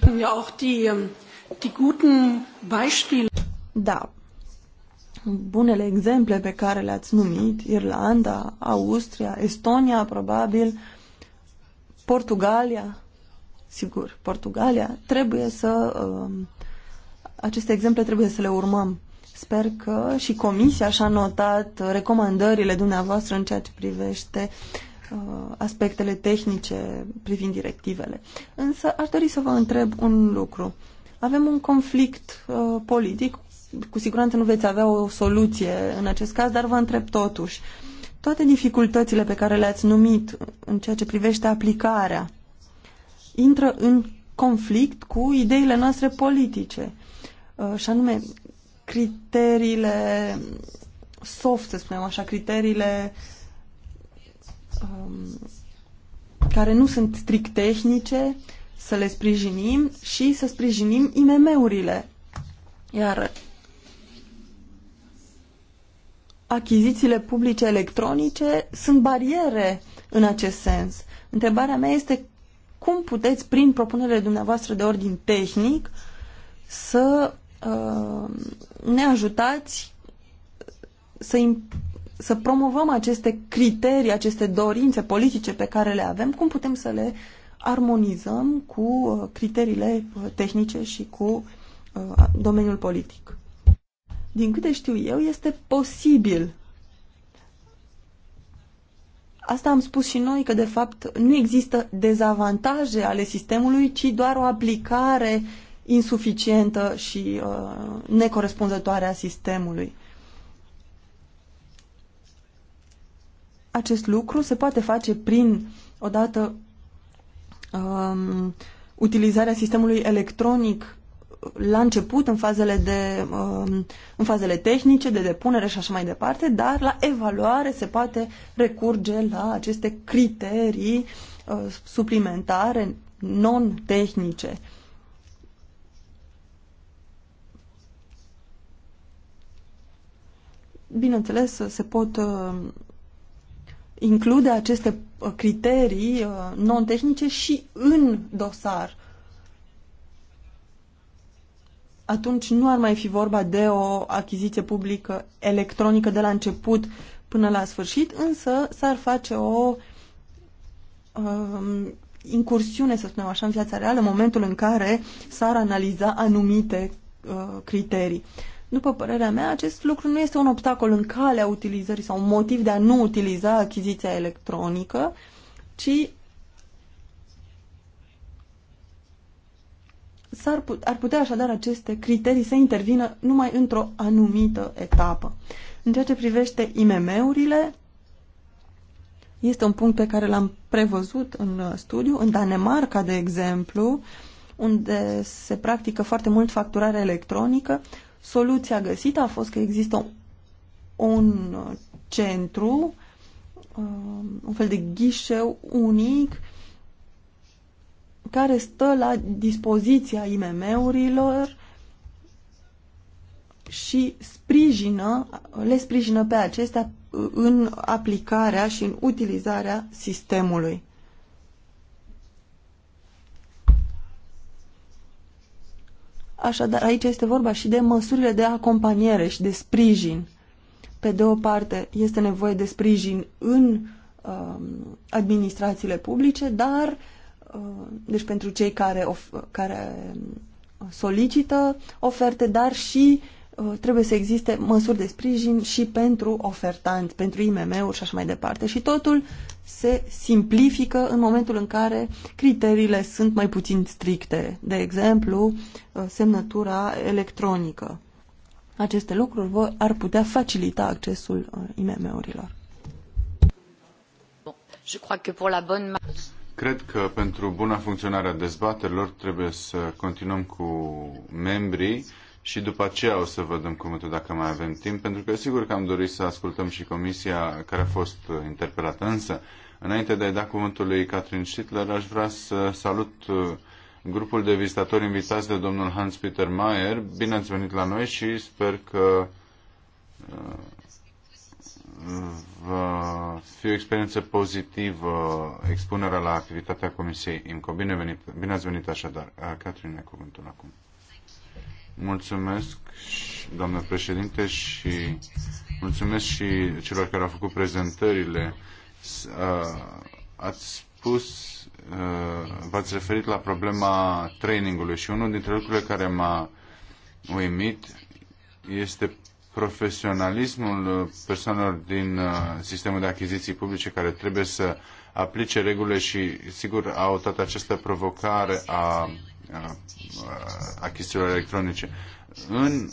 Ähm, da. Bunele exemple pe care le-ați numit, Irlanda, Austria, Estonia, probabil, Portugalia, sigur, Portugalia, trebuie să... Um, aceste exemple trebuie să le urmăm. Sper că și Comisia și-a notat recomandările dumneavoastră în ceea ce privește uh, Uh, aspectele tehnice privind directivele. Însă aș dori să vă întreb un lucru. Avem un conflict uh, politic, cu siguranță nu veți avea o soluție în acest caz, dar vă întreb totuși. Toate dificultățile pe care le-ați numit în ceea ce privește aplicarea intră în conflict cu ideile noastre politice. Uh, și anume, criteriile soft, să spunem așa, criteriile uh, um, care nu sunt strict tehnice, să le sprijinim și să sprijinim IMM-urile. Iar achizițiile publice electronice sunt bariere în acest sens. Întrebarea mea este cum puteți, prin propunerile dumneavoastră de ordin tehnic, să uh, ne ajutați să, să promovăm aceste criterii, aceste dorințe politice pe care le avem, cum putem să le armonizăm cu uh, criteriile uh, tehnice și cu uh, domeniul politic. Din câte știu eu, este posibil. Asta am spus și noi, că de fapt nu există dezavantaje ale sistemului, ci doar o aplicare insuficientă și uh, necorespunzătoare a sistemului acest lucru se poate face prin, odată, um, utilizarea sistemului electronic la început, în fazele, de, um, în fazele tehnice, de depunere și așa mai departe, dar la evaluare se poate recurge la aceste criterii uh, suplimentare, non-tehnice. Bineînțeles, se pot uh, include aceste uh, criterii uh, non-tehnice și în dosar. Atunci nu ar mai fi vorba de o achiziție publică electronică de la început până la sfârșit, însă s-ar face o um, incursiune, să spunem așa, în viața reală, în momentul în care s-ar analiza anumite uh, criterii. Uh, după părerea mea, acest lucru nu este un obstacol în calea utilizării sau un motiv de a nu utiliza achiziția electronică, ci s-ar put- ar putea așadar aceste criterii să intervină numai într-o anumită etapă. În ceea ce privește IMM-urile, este un punct pe care l-am prevăzut în studiu. În Danemarca, de exemplu, unde se practică foarte mult facturare electronică, Soluția găsită a fost că există un centru, um, un fel de ghișeu unic care stă la dispoziția IMM-urilor și sprijină, le sprijină pe acestea în aplicarea și în utilizarea sistemului. Așadar, aici este vorba și de măsurile de acompaniere și de sprijin. Pe de o parte, este nevoie de sprijin în uh, administrațiile publice, dar uh, deci pentru cei care, of, care um, solicită oferte, dar și Uh, trebuie să existe măsuri de sprijin și pentru ofertanți, pentru IMM-uri și așa mai departe. Și totul se simplifică în momentul în care criteriile sunt mai puțin stricte, de exemplu, uh, semnătura electronică. Aceste lucruri ar putea facilita accesul uh, IMM-urilor. Cred că pentru buna funcționare a dezbaterilor trebuie să continuăm cu membrii și după aceea o să vă dăm cuvântul dacă mai avem timp, pentru că sigur că am dorit să ascultăm și comisia care a fost uh, interpelată. Însă, înainte de a-i da cuvântul lui Catherine Schittler, aș vrea să salut uh, grupul de vizitatori invitați de domnul Hans-Peter Mayer. Bine ați venit la noi și sper că uh, va fi o experiență pozitivă expunerea la activitatea Comisiei IMCO. Bine, venit, bine ați venit așadar. Catherine, cuvântul acum. Mulțumesc, doamnă președinte, și mulțumesc și celor care au făcut prezentările. Ați spus, v-ați referit la problema trainingului și unul dintre lucrurile care m-a uimit este profesionalismul persoanelor din sistemul de achiziții publice care trebuie să aplice regulile și, sigur, au toată această provocare a chestiilor electronice. În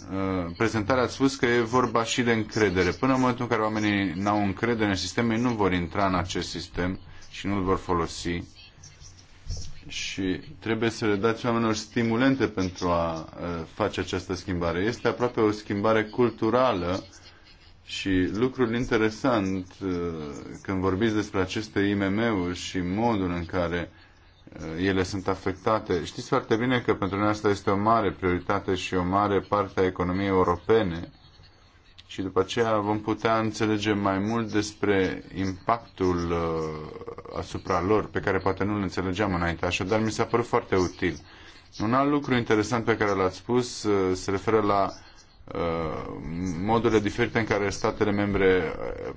prezentare ați spus că e vorba și de încredere. Până în momentul în care oamenii n-au încredere în sistem, ei nu vor intra în acest sistem și nu îl vor folosi și trebuie să le dați oamenilor stimulente pentru a face această schimbare. Este aproape o schimbare culturală și lucrul interesant când vorbiți despre aceste IMM-uri și modul în care Eh, ele sunt afectate. Știți foarte bine că pentru noi asta este o mare prioritate și o mare parte a economiei europene și după aceea vom putea înțelege mai mult despre impactul uh, asupra lor, pe care poate nu îl înțelegeam înainte. Așadar, mi s-a părut foarte util. Un alt lucru interesant pe care l-ați spus uh, se referă la Uh, modurile diferite în care statele membre uh,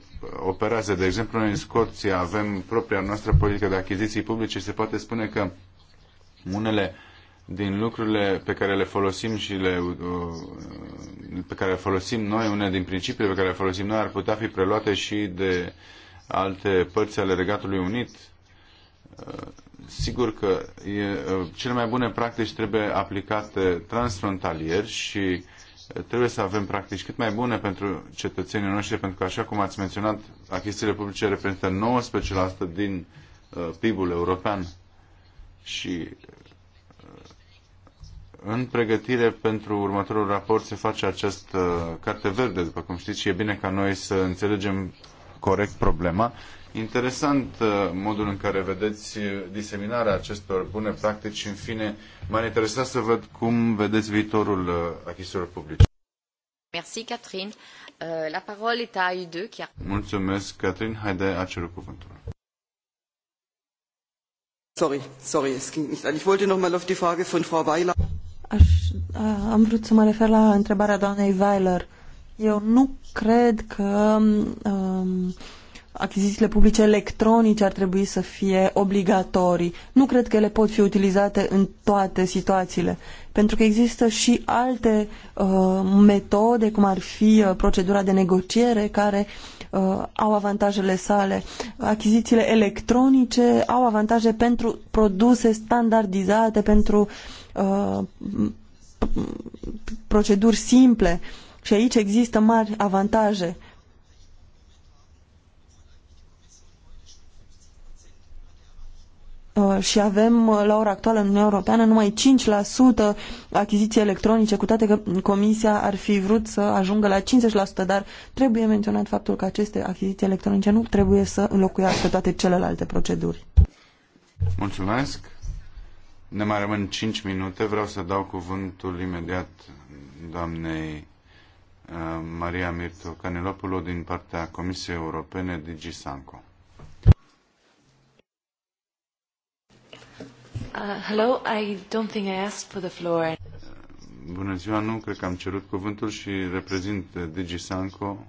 operează. De exemplu, noi în Scoția avem propria noastră politică de achiziții publice și se poate spune că unele din lucrurile pe care le folosim și le, uh, pe care le folosim noi, unele din principiile pe care le folosim noi ar putea fi preluate și de alte părți ale Regatului Unit. Sigur că e, cele mai bune practici trebuie aplicate transfrontalier și Trebuie să avem practici cât mai bune pentru cetățenii noștri, pentru că, așa cum ați menționat, achizițiile publice reprezintă 19% din uh, PIB-ul european și uh, în pregătire pentru următorul raport se face această uh, carte verde, după cum știți, și e bine ca noi să înțelegem corect problema Interesant uh, modul în care vedeți uh, diseminarea acestor bune practici și, în fine, m-ar interesa să văd cum vedeți viitorul uh, achizițiilor publice. Merci, Catherine. Euh, la parole est à EU2. Mulțumesc, Catherine. Haide, a cerut cuvântul. Sorry, sorry, es ging nicht an. Ich wollte noch mal auf die Frage von Frau Weiler. Aș, am vrut să mă refer la întrebarea doamnei Weiler. Eu nu cred că um, achizițiile publice electronice ar trebui să fie obligatorii. Nu cred că ele pot fi utilizate în toate situațiile, pentru că există și alte uh, metode, cum ar fi uh, procedura de negociere, care uh, au avantajele sale. Achizițiile electronice au avantaje pentru produse standardizate, pentru uh, proceduri simple și aici există mari avantaje Uh, și avem uh, la ora actuală în Uniunea Europeană numai 5% achiziții electronice, cu toate că Comisia ar fi vrut să ajungă la 50%, dar trebuie menționat faptul că aceste achiziții electronice nu trebuie să înlocuiască toate celelalte proceduri. Mulțumesc. Ne mai rămân 5 minute. Vreau să dau cuvântul imediat doamnei uh, Maria Mirto Canelopulo din partea Comisiei Europene DG Sanco. Uh, hello, I don't think I asked for the floor. Bună ziua, nu cred că am cerut cuvântul și reprezint DigiSanco,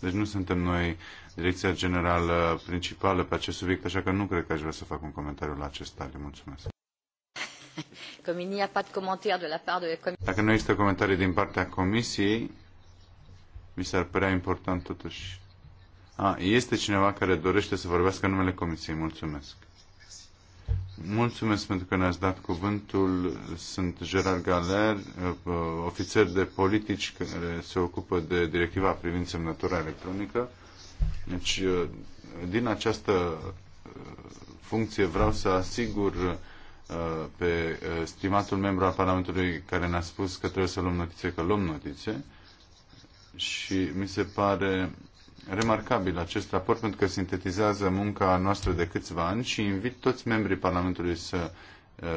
deci nu suntem noi direcția generală principală pe acest subiect, așa că nu cred că aș vrea să fac un comentariu la acest Le mulțumesc. Dacă nu există comentarii din partea comisiei, mi s-ar părea important totuși. A, este cineva care dorește să vorbească în numele comisiei. Mulțumesc. Mulțumesc pentru că ne-ați dat cuvântul. Sunt Gerard Galer, uh, ofițer de politici care se ocupă de directiva privind semnătura electronică. Deci, uh, din această uh, funcție vreau să asigur pe stimatul membru al Parlamentului care ne-a spus că trebuie să luăm notițe, că luăm notițe și mi se pare remarcabil acest raport pentru că sintetizează munca noastră de câțiva ani și invit toți membrii Parlamentului să uh,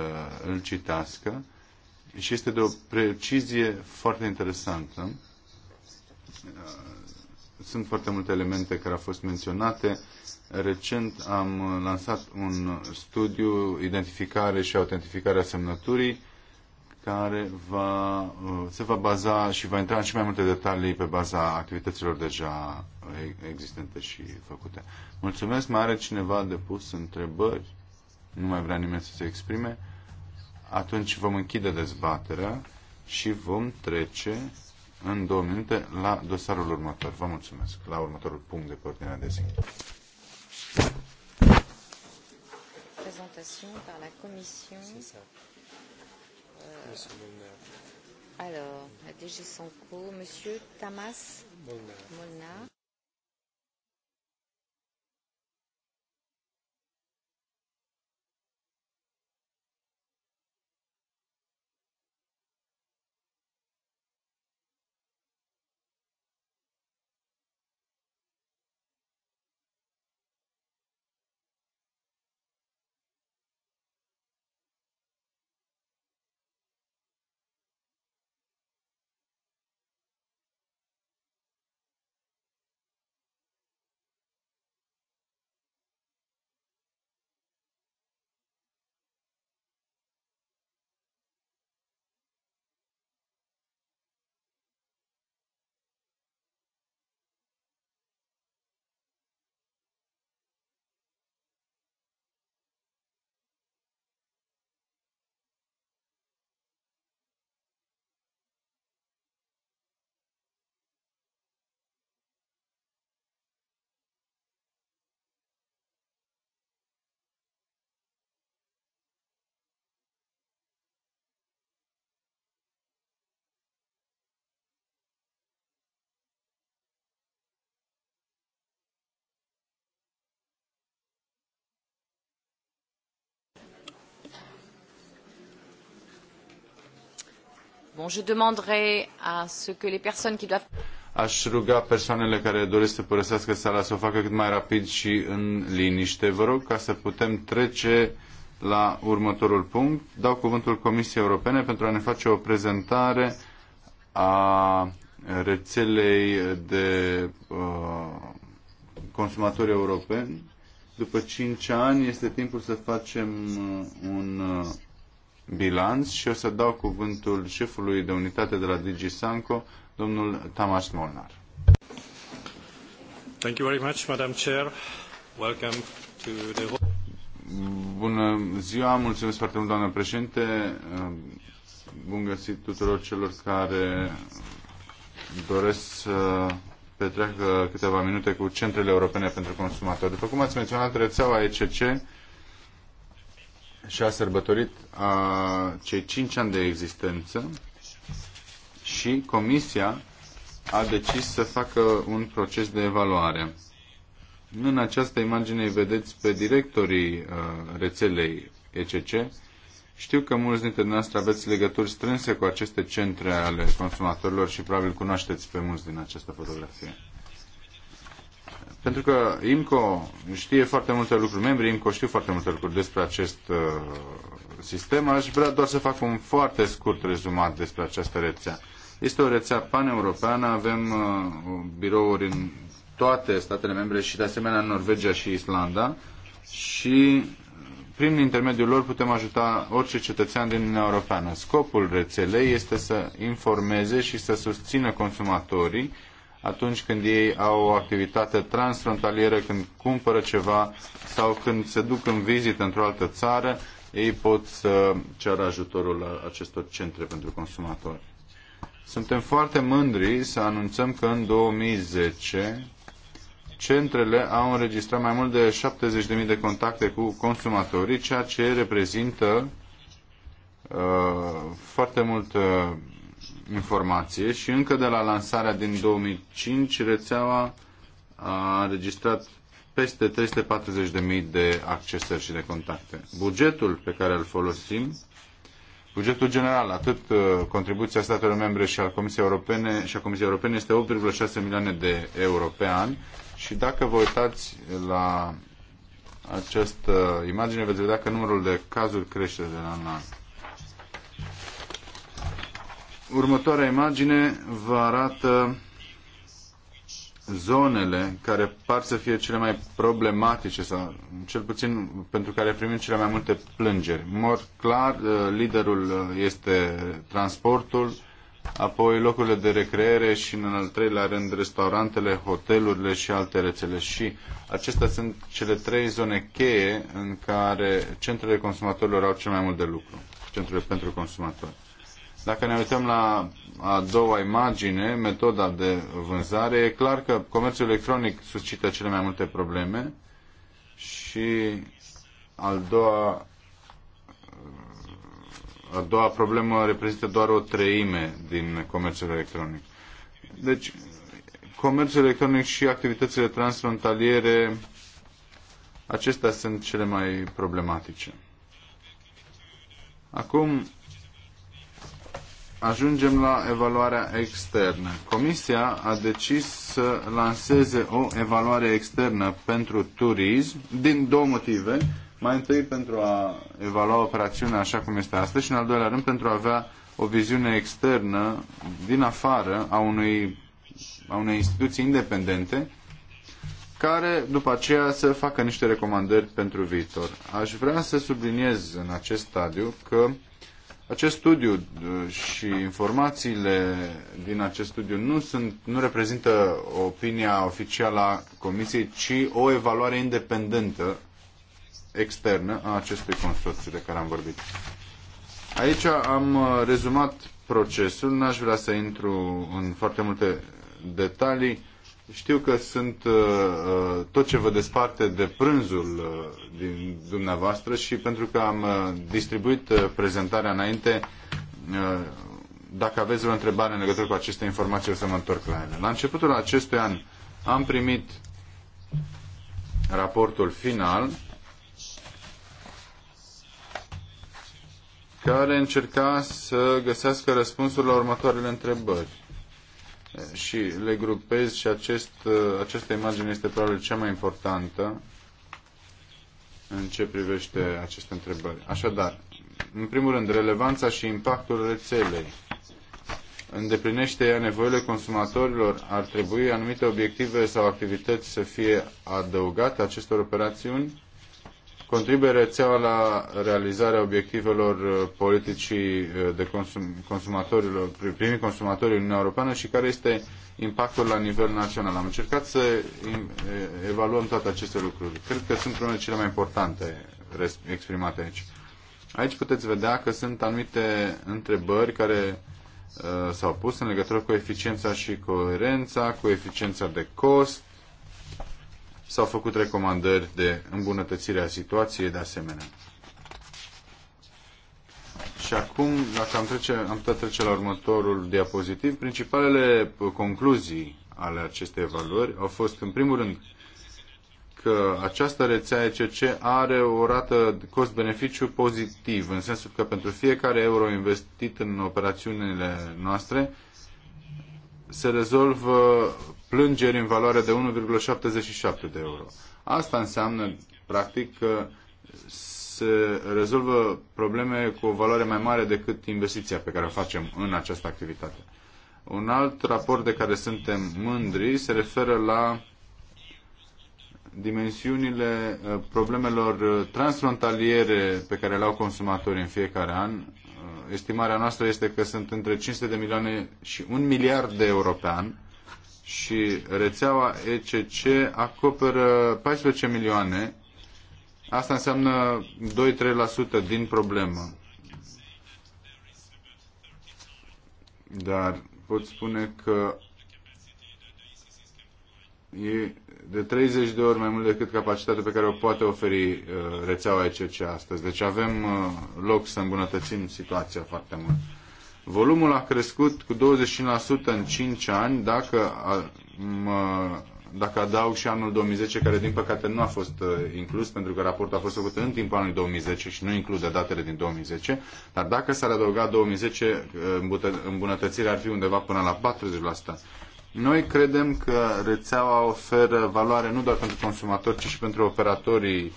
îl citească și este de o precizie foarte interesantă. Uh, sunt foarte multe elemente care au fost menționate. Recent am lansat un studiu, identificare și autentificarea semnăturii, care va, uh, se va baza și va intra în și mai multe detalii pe baza activităților deja existente și făcute. Mulțumesc, mai are cineva de pus întrebări? Nu mai vrea nimeni să se exprime? Atunci vom închide dezbaterea și vom trece în două minute la dosarul următor. Vă mulțumesc. La următorul punct de pe ordinea de zi. Présentation la Commission alors, la DG Sanko, Monsieur Tamas Molnar. Bon, je demanderai à ce que les personnes qui doivent... Aș ruga persoanele care doresc să părăsească sala să o facă cât mai rapid și în liniște, vă rog, ca să putem trece la următorul punct. Dau cuvântul Comisiei Europene pentru a ne face o prezentare a rețelei de uh, consumatori europeni. După 5 ani este timpul să facem uh, un uh, bilanț și o să dau cuvântul șefului de unitate de la Digi Sanco, domnul Tamas Molnar. Thank you very much, Madam Chair. Welcome to the... Bună ziua, mulțumesc foarte mult, doamnă președinte. Bun găsit tuturor celor care doresc să petreacă câteva minute cu centrele europene pentru consumatori. După cum ați menționat, rețeaua ECC și a sărbătorit a, cei 5 ani de existență și Comisia a decis să facă un proces de evaluare. În această imagine îi vedeți pe directorii rețelei ECC. Știu că mulți dintre dumneavoastră aveți legături strânse cu aceste centre ale consumatorilor și probabil cunoașteți pe mulți din această fotografie. Pentru că IMCO știe foarte multe lucruri, membrii IMCO știu foarte multe lucruri despre acest uh, sistem. Aș vrea doar să fac un foarte scurt rezumat despre această rețea. Este o rețea paneuropeană, avem uh, birouri în toate statele membre și de asemenea în Norvegia și Islanda și uh, prin intermediul lor putem ajuta orice cetățean din Uniunea Europeană. Scopul rețelei este să informeze și să susțină consumatorii atunci când ei au o activitate transfrontalieră, când cumpără ceva sau când se duc în vizită într-o altă țară, ei pot să ceară ajutorul acestor centre pentru consumatori. Suntem foarte mândri să anunțăm că în 2010 centrele au înregistrat mai mult de 70.000 de contacte cu consumatorii, ceea ce reprezintă uh, foarte mult uh, informație și încă de la lansarea din 2005 rețeaua a înregistrat peste 340.000 de accesări și de contacte. Bugetul pe care îl folosim, bugetul general, atât uh, contribuția statelor membre și al Comisiei Europene și a Comisiei Europene este 8,6 milioane de euro pe an și dacă vă uitați la această imagine veți vedea că numărul de cazuri crește de la an la an. Următoarea imagine vă arată zonele care par să fie cele mai problematice sau cel puțin pentru care primim cele mai multe plângeri. Mor clar, uh, liderul uh, este transportul, apoi locurile de recreere și în al treilea rând restaurantele, hotelurile și alte rețele. Și acestea sunt cele trei zone cheie în care centrele consumatorilor au cel mai mult de lucru, centrele pentru consumatori. Dacă ne uităm la a doua imagine, metoda de vânzare, e clar că comerțul electronic suscită cele mai multe probleme și al doua, a doua problemă reprezintă doar o treime din comerțul electronic. Deci, comerțul electronic și activitățile transfrontaliere, acestea sunt cele mai problematice. Acum, ajungem la evaluarea externă. Comisia a decis să lanseze o evaluare externă pentru turism din două motive. Mai întâi pentru a evalua operațiunea așa cum este astăzi și în al doilea rând pentru a avea o viziune externă din afară a unui a unei instituții independente care după aceea să facă niște recomandări pentru viitor. Aș vrea să subliniez în acest stadiu că acest studiu uh, și informațiile din acest studiu nu, sunt, nu reprezintă opinia oficială a Comisiei, ci o evaluare independentă externă a acestui consorțiu de care am vorbit. Aici am uh, rezumat procesul, n-aș vrea să intru în foarte multe detalii. Știu că sunt uh, uh, tot ce vă desparte de prânzul uh, din dumneavoastră și pentru că am uh, distribuit uh, prezentarea înainte, uh, dacă aveți o întrebare în legătură cu aceste informații, o să mă întorc la ele. La începutul acestui an am primit raportul final care încerca să găsească răspunsul la următoarele întrebări și le grupez și acest, această imagine este probabil cea mai importantă în ce privește aceste întrebări. Așadar, în primul rând, relevanța și impactul rețelei. Îndeplinește ea nevoile consumatorilor? Ar trebui anumite obiective sau activități să fie adăugate acestor operațiuni? contribuie rețeaua la realizarea obiectivelor uh, politicii uh, de consum, consumatorilor, primii consumatorii în Uniunea Europeană și care este impactul la nivel național. Am încercat să evaluăm toate aceste lucruri. Cred că sunt unele cele mai importante exprimate aici. Aici puteți vedea că sunt anumite întrebări care uh, s-au pus în legătură cu eficiența și coerența, cu eficiența de cost, S-au făcut recomandări de îmbunătățire a situației de asemenea. Și acum, dacă am, trece, am putea trece la următorul diapozitiv, principalele concluzii ale acestei evaluări au fost, în primul rând, că această rețea ECC are o rată cost-beneficiu pozitiv, în sensul că pentru fiecare euro investit în operațiunile noastre se rezolvă plângeri în valoare de 1,77 de euro. Asta înseamnă, practic, că se rezolvă probleme cu o valoare mai mare decât investiția pe care o facem în această activitate. Un alt raport de care suntem mândri se referă la dimensiunile uh, problemelor uh, transfrontaliere pe care le au consumatorii în fiecare an. Uh, estimarea noastră este că sunt între 500 de milioane și un miliard de euro pe an și rețeaua ECC acoperă 14 milioane. Asta înseamnă 2-3% din problemă. Dar pot spune că e de 30 de ori mai mult decât capacitatea pe care o poate oferi uh, rețeaua ECC astăzi. Deci avem uh, loc să îmbunătățim situația foarte mult. Volumul a crescut cu 25% în 5 ani, dacă, mă, dacă adaug și anul 2010, care din păcate nu a fost uh, inclus, pentru că raportul a fost făcut în timpul anului 2010 și nu include datele din 2010, dar dacă s-ar adăuga 2010, uh, îmbunătățirea ar fi undeva până la 40%. Noi credem că rețeaua oferă valoare nu doar pentru consumatori, ci și pentru operatorii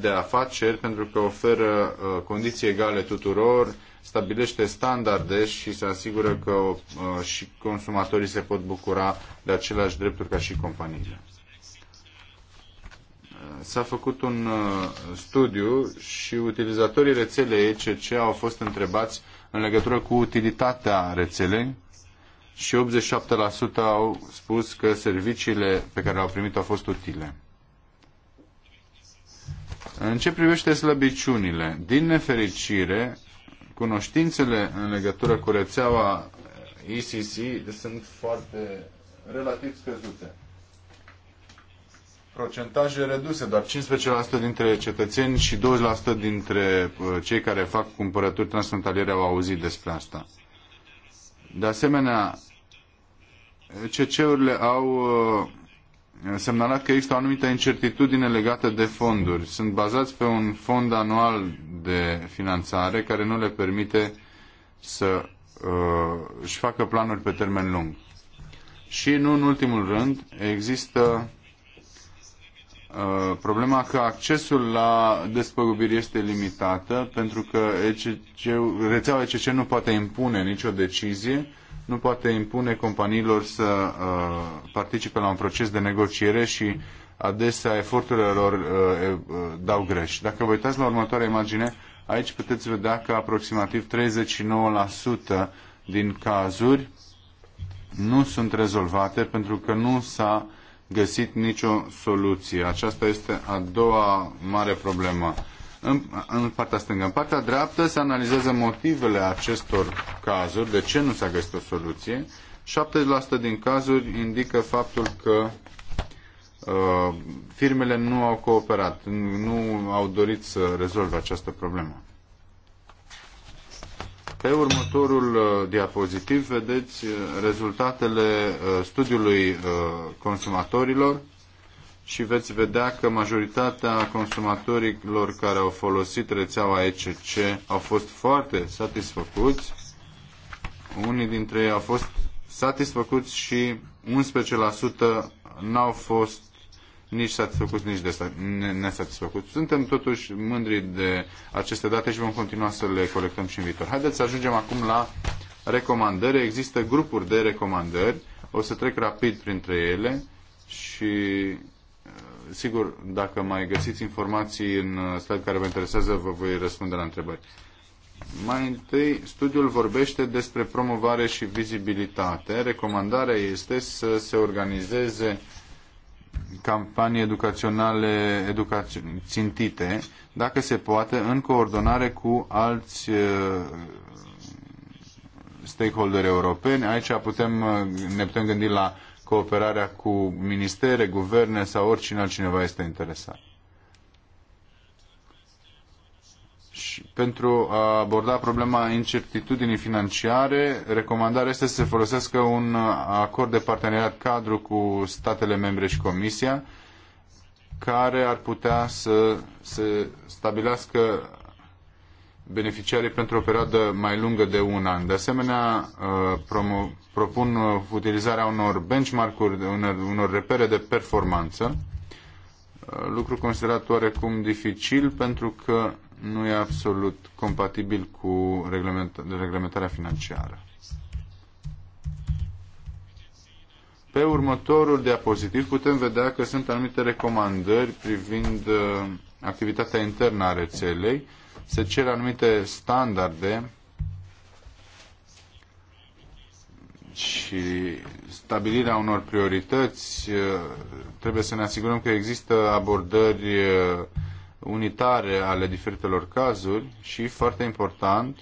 de afaceri pentru că oferă uh, condiții egale tuturor, stabilește standarde și se asigură că uh, și consumatorii se pot bucura de aceleași drepturi ca și companiile. Uh, s-a făcut un studiu și utilizatorii rețelei ECC au fost întrebați în legătură cu utilitatea rețelei și 87% au spus că serviciile pe care le-au primit au fost utile. În ce privește slăbiciunile, din nefericire, cunoștințele în legătură cu rețeaua ICC sunt foarte relativ scăzute. Procentaje reduse, doar 15% dintre cetățeni și 20% dintre uh, cei care fac cumpărături transfrontaliere au auzit despre asta. De asemenea, CC-urile au uh, semnalat că există o anumită incertitudine legată de fonduri. Sunt bazați pe un fond anual de finanțare care nu le permite să uh, își facă planuri pe termen lung. Și nu în ultimul rând, există uh, problema că accesul la despăgubiri este limitată pentru că ECC, rețeaua ECC nu poate impune nicio decizie nu poate impune companiilor să uh, participe la un proces de negociere și adesea eforturile lor uh, uh, dau greș. Dacă vă uitați la următoarea imagine, aici puteți vedea că aproximativ 39% din cazuri nu sunt rezolvate pentru că nu s-a găsit nicio soluție. Aceasta este a doua mare problemă în, în partea stângă. În partea dreaptă se analizează motivele acestor cazuri, de ce nu s-a găsit o soluție. 70% din cazuri indică faptul că uh, firmele nu au cooperat, nu au dorit să rezolve această problemă. Pe următorul uh, diapozitiv vedeți uh, rezultatele uh, studiului consumatorilor și veți vedea că majoritatea consumatorilor care au folosit rețeaua ECC au fost foarte satisfăcuți. Unii dintre ei au fost satisfăcuți și 11% n-au fost nici satisfăcuți, nici nesatisfăcuți. Suntem totuși mândri de aceste date și vom continua să le colectăm și în viitor. Haideți să ajungem acum la recomandări. Există grupuri de recomandări. O să trec rapid printre ele și sigur, dacă mai găsiți informații în uh, slide care vă interesează, vă voi răspunde la întrebări. Mai întâi, studiul vorbește despre promovare și vizibilitate. Recomandarea este să se organizeze campanii educaționale educațio țintite, dacă se poate, în coordonare cu alți uh, stakeholderi europeni. Aici putem, uh, ne putem gândi la cooperarea cu ministere, guverne sau oricine altcineva este interesat. Și pentru a aborda problema incertitudinii financiare, recomandarea este să se folosească un acord de parteneriat cadru cu statele membre și Comisia, care ar putea să se stabilească beneficiarii pentru o perioadă mai lungă de un an. De asemenea, uh, promo, propun uh, utilizarea unor benchmark-uri, unor, unor repere de performanță, uh, lucru considerat oarecum dificil pentru că nu e absolut compatibil cu reglementarea financiară. Pe următorul diapozitiv putem vedea că sunt anumite recomandări privind activitatea internă a rețelei, se cer anumite standarde și stabilirea unor priorități, uh, trebuie să ne asigurăm că există abordări uh, unitare ale diferitelor cazuri și, foarte important,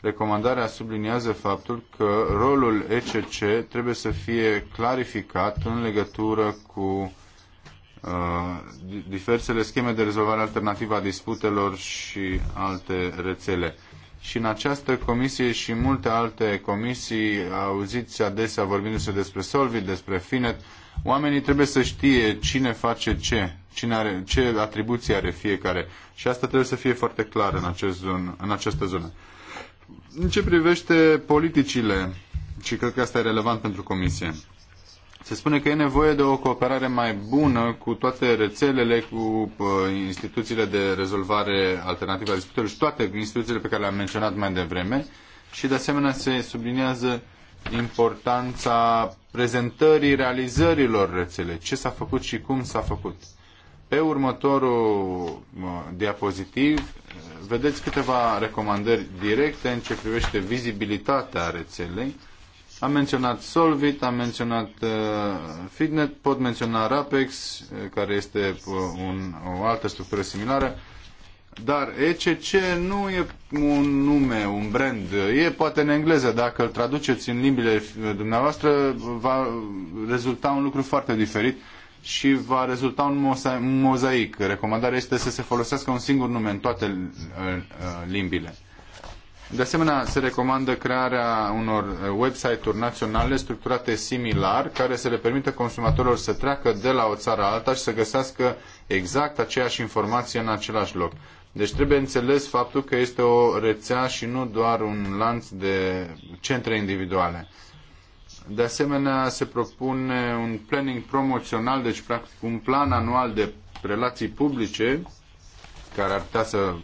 recomandarea subliniază faptul că rolul ECC trebuie să fie clarificat în legătură cu Uh, diversele scheme de rezolvare alternativă a disputelor și alte rețele. Și în această comisie și multe alte comisii auziți adesea vorbindu-se despre Solvit, despre Finet, oamenii trebuie să știe cine face ce, cine are, ce atribuții are fiecare. Și asta trebuie să fie foarte clar în, acest zon, în această zonă. În ce privește politicile, și cred că asta e relevant pentru comisie, se spune că e nevoie de o cooperare mai bună cu toate rețelele, cu uh, instituțiile de rezolvare alternativă a disputelor și toate instituțiile pe care le-am menționat mai devreme și de asemenea se subliniază importanța prezentării realizărilor rețelei, ce s-a făcut și cum s-a făcut. Pe următorul uh, diapozitiv vedeți câteva recomandări directe în ce privește vizibilitatea rețelei am menționat Solvit, am menționat uh, Fignet, pot menționa Rapex, uh, care este uh, un, o altă structură similară. Dar ECC nu e un nume, un brand. E poate în engleză, dacă îl traduceți în limbile uh, dumneavoastră, va rezulta un lucru foarte diferit și va rezulta un mozaic. Recomandarea este să se folosească un singur nume în toate limbile. De asemenea, se recomandă crearea unor uh, website-uri naționale structurate similar, care să le permită consumatorilor să treacă de la o țară alta și să găsească exact aceeași informație în același loc. Deci trebuie înțeles faptul că este o rețea și nu doar un lanț de centre individuale. De asemenea, se propune un planning promoțional, deci practic un plan anual de relații publice care ar putea să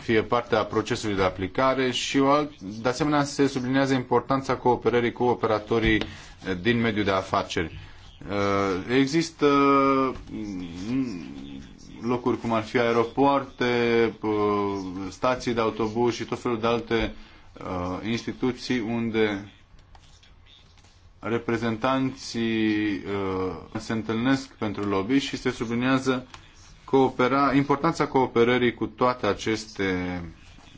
fie parte a procesului de aplicare și o alt, de asemenea se sublinează importanța cooperării cu operatorii din mediul de afaceri. Uh, există mm, locuri cum ar fi aeropoarte, uh, stații de autobuz și tot felul de alte uh, instituții unde reprezentanții se întâlnesc pentru lobby și se sublinează coopera, importanța cooperării cu toate aceste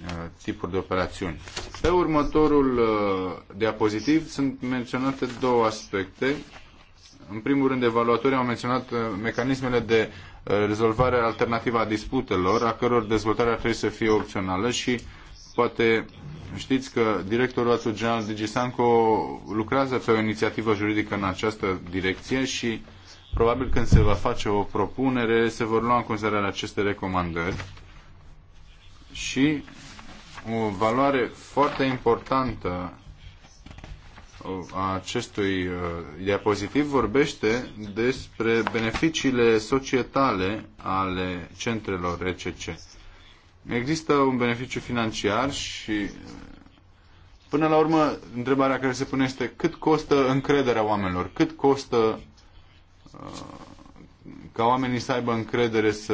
uh, tipuri de operațiuni. Pe următorul uh, diapozitiv sunt menționate două aspecte. În primul rând, evaluatorii au menționat uh, mecanismele de rezolvare alternativă a disputelor, a căror dezvoltare ar trebui să fie opțională și poate știți că directoratul general Digisanco lucrează pe o inițiativă juridică în această direcție și Probabil când se va face o propunere, se vor lua în considerare aceste recomandări și o valoare foarte importantă a acestui uh, diapozitiv vorbește despre beneficiile societale ale centrelor RCC. Există un beneficiu financiar și până la urmă întrebarea care se pune este cât costă încrederea oamenilor, cât costă ca oamenii să aibă încredere să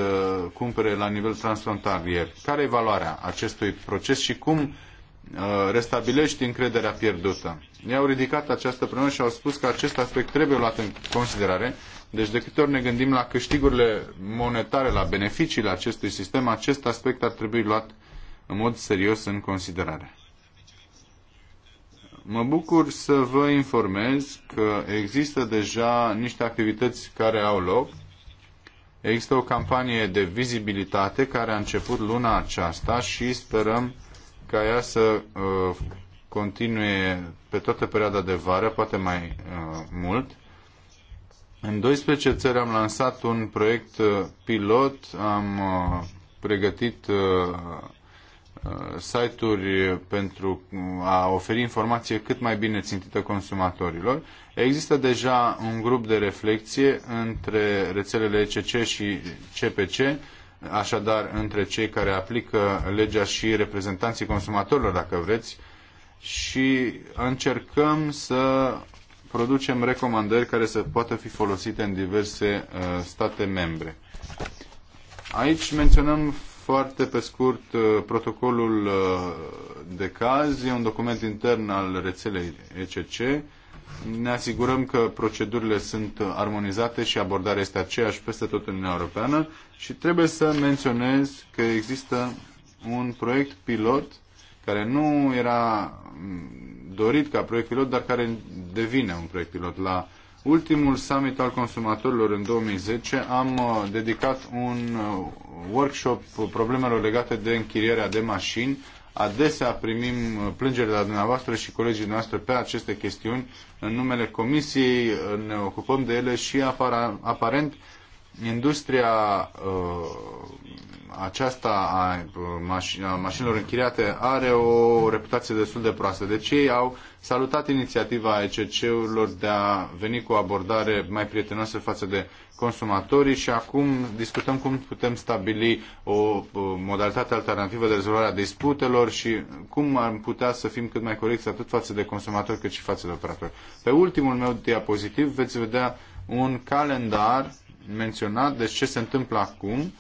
cumpere la nivel transfrontalier. Care e valoarea acestui proces și cum uh, restabilești încrederea pierdută? ne au ridicat această problemă și au spus că acest aspect trebuie luat în considerare. Deci de câte ori ne gândim la câștigurile monetare, la beneficiile acestui sistem, acest aspect ar trebui luat în mod serios în considerare. Mă bucur să vă informez că există deja niște activități care au loc. Există o campanie de vizibilitate care a început luna aceasta și sperăm ca ea să uh, continue pe toată perioada de vară, poate mai uh, mult. În 12 țări am lansat un proiect uh, pilot, am uh, pregătit uh, site-uri pentru a oferi informație cât mai bine țintită consumatorilor. Există deja un grup de reflexie între rețelele ECC și CPC, așadar între cei care aplică legea și reprezentanții consumatorilor, dacă vreți, și încercăm să producem recomandări care să poată fi folosite în diverse uh, state membre. Aici menționăm foarte pe scurt, uh, protocolul uh, de caz e un document intern al rețelei ECC. Ne asigurăm că procedurile sunt armonizate și abordarea este aceeași peste tot în Uniunea Europeană și trebuie să menționez că există un proiect pilot care nu era mm, dorit ca proiect pilot, dar care devine un proiect pilot la ultimul summit al consumatorilor în 2010 am uh, dedicat un uh, workshop problemelor legate de închirierea de mașini. Adesea primim uh, plângeri de la dumneavoastră și colegii noastre pe aceste chestiuni. În numele Comisiei ne ocupăm de ele și aparent industria uh, aceasta a, maș- a mașinilor închiriate are o reputație destul de proastă. Deci ei au salutat inițiativa ECC-urilor de a veni cu o abordare mai prietenoasă față de consumatorii și acum discutăm cum putem stabili o modalitate alternativă de rezolvare a disputelor și cum am putea să fim cât mai corecți atât față de consumatori cât și față de operatori. Pe ultimul meu diapozitiv veți vedea un calendar menționat, deci ce se întâmplă acum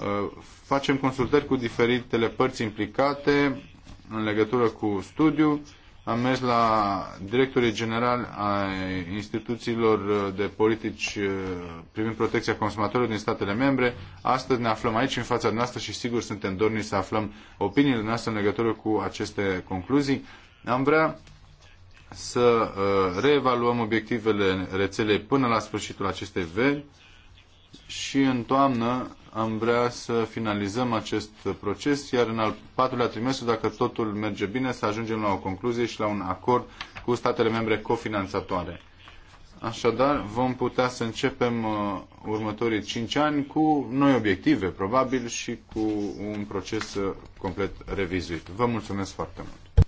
Uh, facem consultări cu diferitele părți implicate în legătură cu studiu. Am mers la directorii general ai instituțiilor uh, de politici uh, privind protecția consumatorilor din statele membre. Astăzi ne aflăm aici în fața noastră și sigur suntem dorni să aflăm opiniile noastre în legătură cu aceste concluzii. Am vrea să reevaluăm obiectivele rețelei până la sfârșitul acestei veri și în toamnă am vrea să finalizăm acest proces, iar în al patrulea trimestru, dacă totul merge bine, să ajungem la o concluzie și la un acord cu statele membre cofinanțatoare. Așadar, vom putea să începem uh, următorii cinci ani cu noi obiective, probabil, și cu un proces uh, complet revizuit. Vă mulțumesc foarte mult!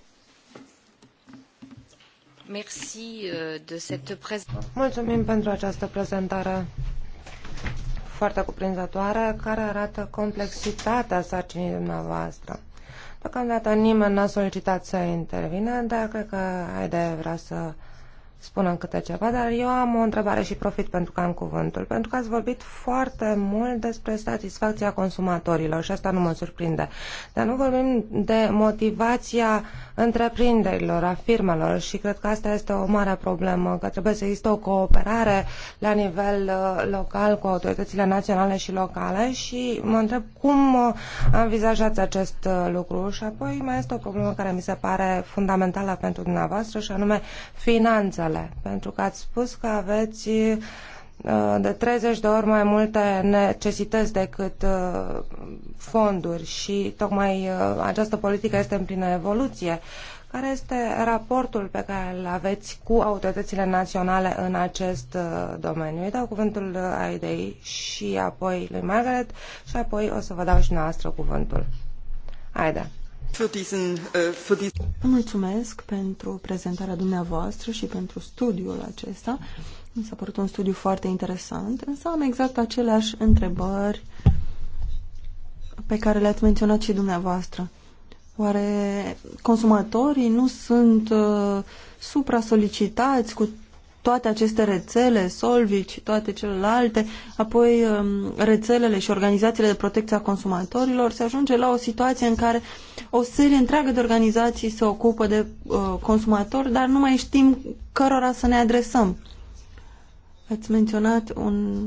Uh, Mulțumim pentru această prezentare foarte cuprinzătoare care arată complexitatea sarcinii dumneavoastră. Deocamdată nimeni n-a solicitat să intervină, dar cred că de vrea să spună câte ceva, dar eu am o întrebare și profit pentru că am cuvântul, pentru că ați vorbit foarte mult despre satisfacția consumatorilor și asta nu mă surprinde, dar nu vorbim de motivația întreprinderilor, a firmelor și cred că asta este o mare problemă, că trebuie să existe o cooperare la nivel uh, local cu autoritățile naționale și locale și mă întreb cum învizajați uh, acest uh, lucru și apoi mai este o problemă care mi se pare fundamentală pentru dumneavoastră și anume finanțele, pentru că ați spus că aveți Uh, de 30 de ori mai multe necesități decât uh, fonduri și tocmai uh, această politică este în plină evoluție. Care este raportul pe care îl aveți cu autoritățile naționale în acest domeniu? Îi dau cuvântul Aidei și apoi lui Margaret și apoi o să vă dau și noastră cuvântul. Aida. Mulțumesc pentru prezentarea dumneavoastră și pentru studiul acesta. Mi s-a părut un studiu foarte interesant, însă am exact aceleași întrebări pe care le-ați menționat și dumneavoastră. Oare consumatorii nu sunt uh, supra-solicitați cu toate aceste rețele, Solvici și toate celelalte, apoi um, rețelele și organizațiile de protecție a consumatorilor, se ajunge la o situație în care o serie întreagă de organizații se ocupă de uh, consumatori, dar nu mai știm cărora să ne adresăm. Ați menționat un,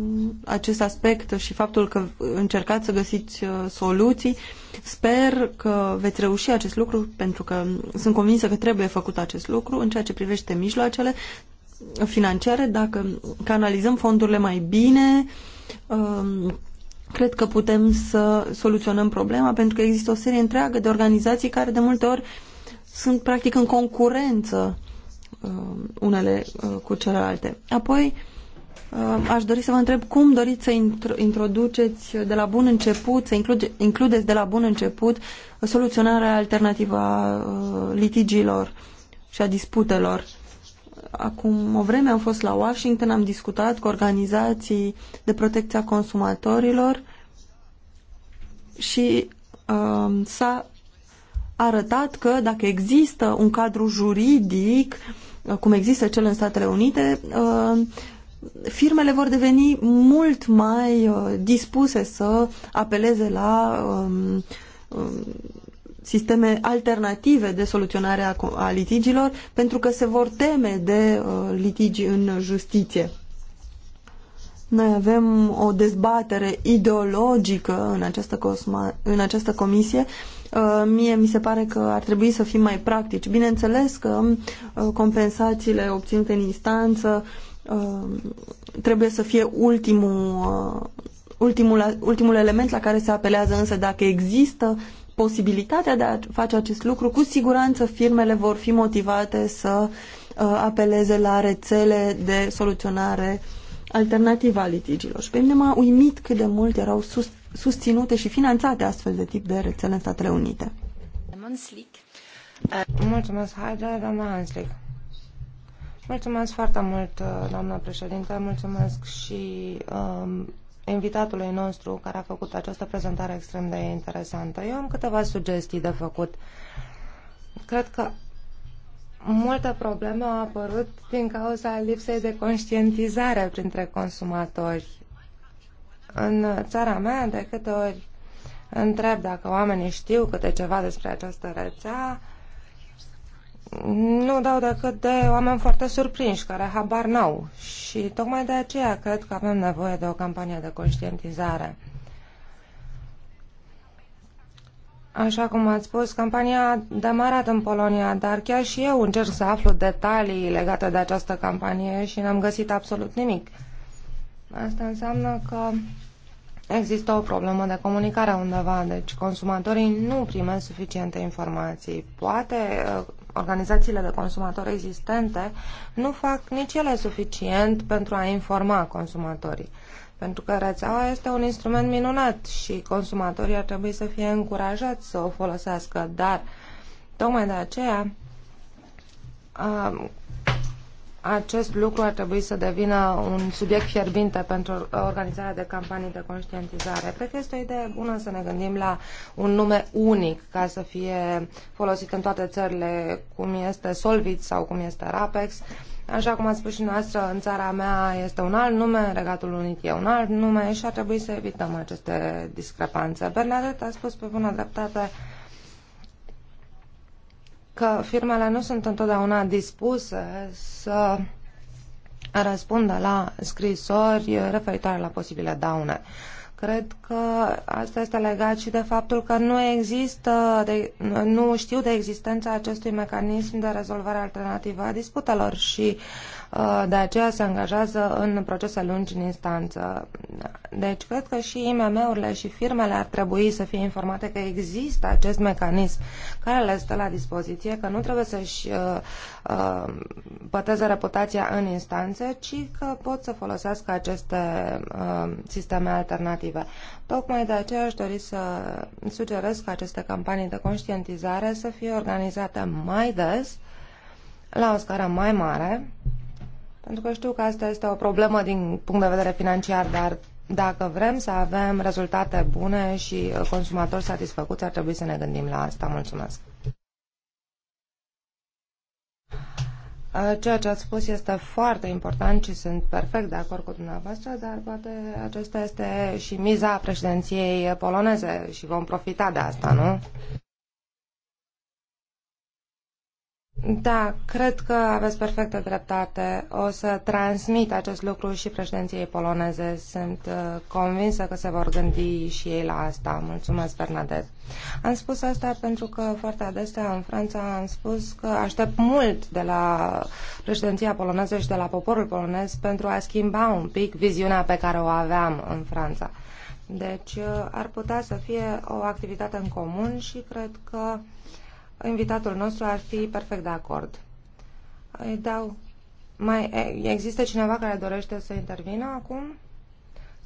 acest aspect și faptul că încercați să găsiți uh, soluții. Sper că veți reuși acest lucru, pentru că sunt convinsă că trebuie făcut acest lucru în ceea ce privește mijloacele financiare. Dacă canalizăm fondurile mai bine, um, cred că putem să soluționăm problema, pentru că există o serie întreagă de organizații care de multe ori sunt practic în concurență um, unele uh, cu celelalte. Apoi, Aș dori să vă întreb cum doriți să introduceți de la bun început, să includeți de la bun început soluționarea alternativă a uh, litigiilor și a disputelor. Acum o vreme am fost la Washington, am discutat cu organizații de protecție a consumatorilor și um, s-a arătat că dacă există un cadru juridic, uh, cum există cel în Statele Unite, uh, firmele vor deveni mult mai uh, dispuse să apeleze la um, um, sisteme alternative de soluționare a, a litigilor pentru că se vor teme de uh, litigi în justiție. Noi avem o dezbatere ideologică în această, cosma, în această comisie. Uh, mie mi se pare că ar trebui să fim mai practici. Bineînțeles că uh, compensațiile obținute în instanță uh, Uh, trebuie să fie ultimul, uh, ultimul, ultimul element la care se apelează, însă dacă există posibilitatea de a face acest lucru, cu siguranță firmele vor fi motivate să uh, apeleze la rețele de soluționare alternativă a litigilor. Și pe mine m-a uimit cât de mult erau sus, susținute și finanțate astfel de tip de rețele în Statele Unite. Mulțumesc, Haider, doamna Hanslick. Mulțumesc foarte mult, uh, doamna președinte. Mulțumesc și um, invitatului nostru care a făcut această prezentare extrem de interesantă. Eu am câteva sugestii de făcut. Cred că multe probleme au apărut din cauza lipsei de conștientizare printre consumatori. În țara mea, de câte ori întreb dacă oamenii știu câte ceva despre această rețea, nu dau decât de oameni foarte surprinși, care habar n-au. Și tocmai de aceea cred că avem nevoie de o campanie de conștientizare. Așa cum ați spus, campania a demarat în Polonia, dar chiar și eu încerc să aflu detalii legate de această campanie și n-am găsit absolut nimic. Asta înseamnă că există o problemă de comunicare undeva, deci consumatorii nu primesc suficiente informații. Poate organizațiile de consumatori existente nu fac nici ele suficient pentru a informa consumatorii. Pentru că rețeaua este un instrument minunat și consumatorii ar trebui să fie încurajați să o folosească, dar tocmai de aceea acest lucru ar trebui să devină un subiect fierbinte pentru organizarea de campanii de conștientizare. Cred că este o idee bună să ne gândim la un nume unic ca să fie folosit în toate țările, cum este Solvit sau cum este Rapex. Așa cum ați spus și noastră, în țara mea este un alt nume, Regatul Unit e un alt nume și ar trebui să evităm aceste discrepanțe. Bernadette a spus pe bună dreptate că firmele nu sunt întotdeauna dispuse să răspundă la scrisori referitoare la posibile daune. Cred că asta este legat și de faptul că nu există, de, nu știu de existența acestui mecanism de rezolvare alternativă a disputelor și Uh, de aceea se angajează în procese lungi în instanță. Deci cred că și IMM-urile și firmele ar trebui să fie informate că există acest mecanism care le stă la dispoziție, că nu trebuie să-și uh, uh, păteze reputația în instanțe, ci că pot să folosească aceste sisteme alternative. Tocmai de aceea aș dori să sugerez că aceste campanii de conștientizare să fie organizate mai des, la o scară mai mare pentru că știu că asta este o problemă din punct de vedere financiar, dar dacă vrem să avem rezultate bune și uh, consumatori satisfăcuți, ar trebui să ne gândim la asta. Mulțumesc! Uh, ceea ce ați spus este foarte important și sunt perfect de acord cu dumneavoastră, dar poate acesta este și miza președinției poloneze și vom profita de asta, nu? Da, cred că aveți perfectă dreptate. O să transmit acest lucru și președinției poloneze. Sunt uh, convinsă că se vor gândi și ei la asta. Mulțumesc, Bernadette. Am spus asta pentru că foarte adesea în Franța am spus că aștept mult de la președinția poloneză și de la poporul polonez pentru a schimba un pic viziunea pe care o aveam în Franța. Deci uh, ar putea să fie o activitate în comun și cred că invitatul nostru ar fi perfect de acord. Îi dau... Mai există cineva care dorește să intervină acum?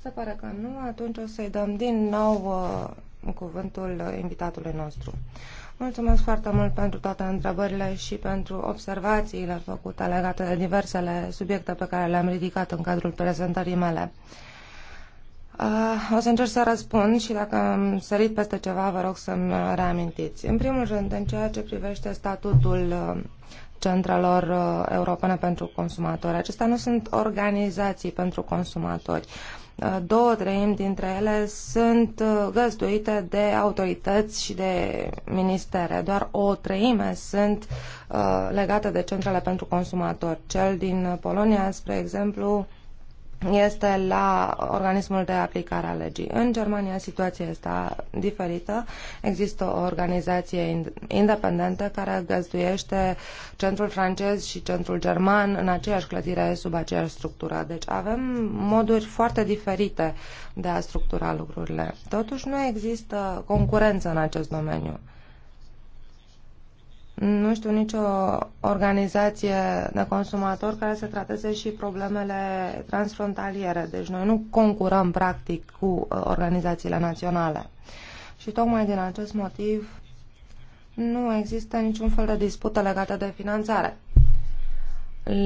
Se pare că nu, atunci o să-i dăm din nou uh, cuvântul invitatului nostru. Mulțumesc foarte mult pentru toate întrebările și pentru observațiile făcute legate de diversele subiecte pe care le-am ridicat în cadrul prezentării mele. Uh, Ah, o să încerc să răspund și dacă am sărit peste ceva, vă rog să-mi reamintiți. În primul rând, în ceea ce privește statutul centralor ah, centrelor ah, europene pentru consumatori, acestea nu sunt organizații pentru consumatori. Două treimi dintre ele sunt găzduite de autorități și de ministere. Doar o treime sunt legate de centrele pentru consumatori. Cel din Polonia, spre exemplu, este la organismul de aplicare a legii. În Germania situația este diferită. Există o organizație independentă care găzduiește centrul francez și centrul german în aceeași clădire, sub aceeași structură. Deci avem moduri foarte diferite de a structura lucrurile. Totuși nu există concurență în acest domeniu nu știu nicio organizație de consumator care să trateze și problemele transfrontaliere. Deci noi nu concurăm practic cu uh, organizațiile naționale. Și tocmai din acest motiv nu există niciun fel de dispută legată de finanțare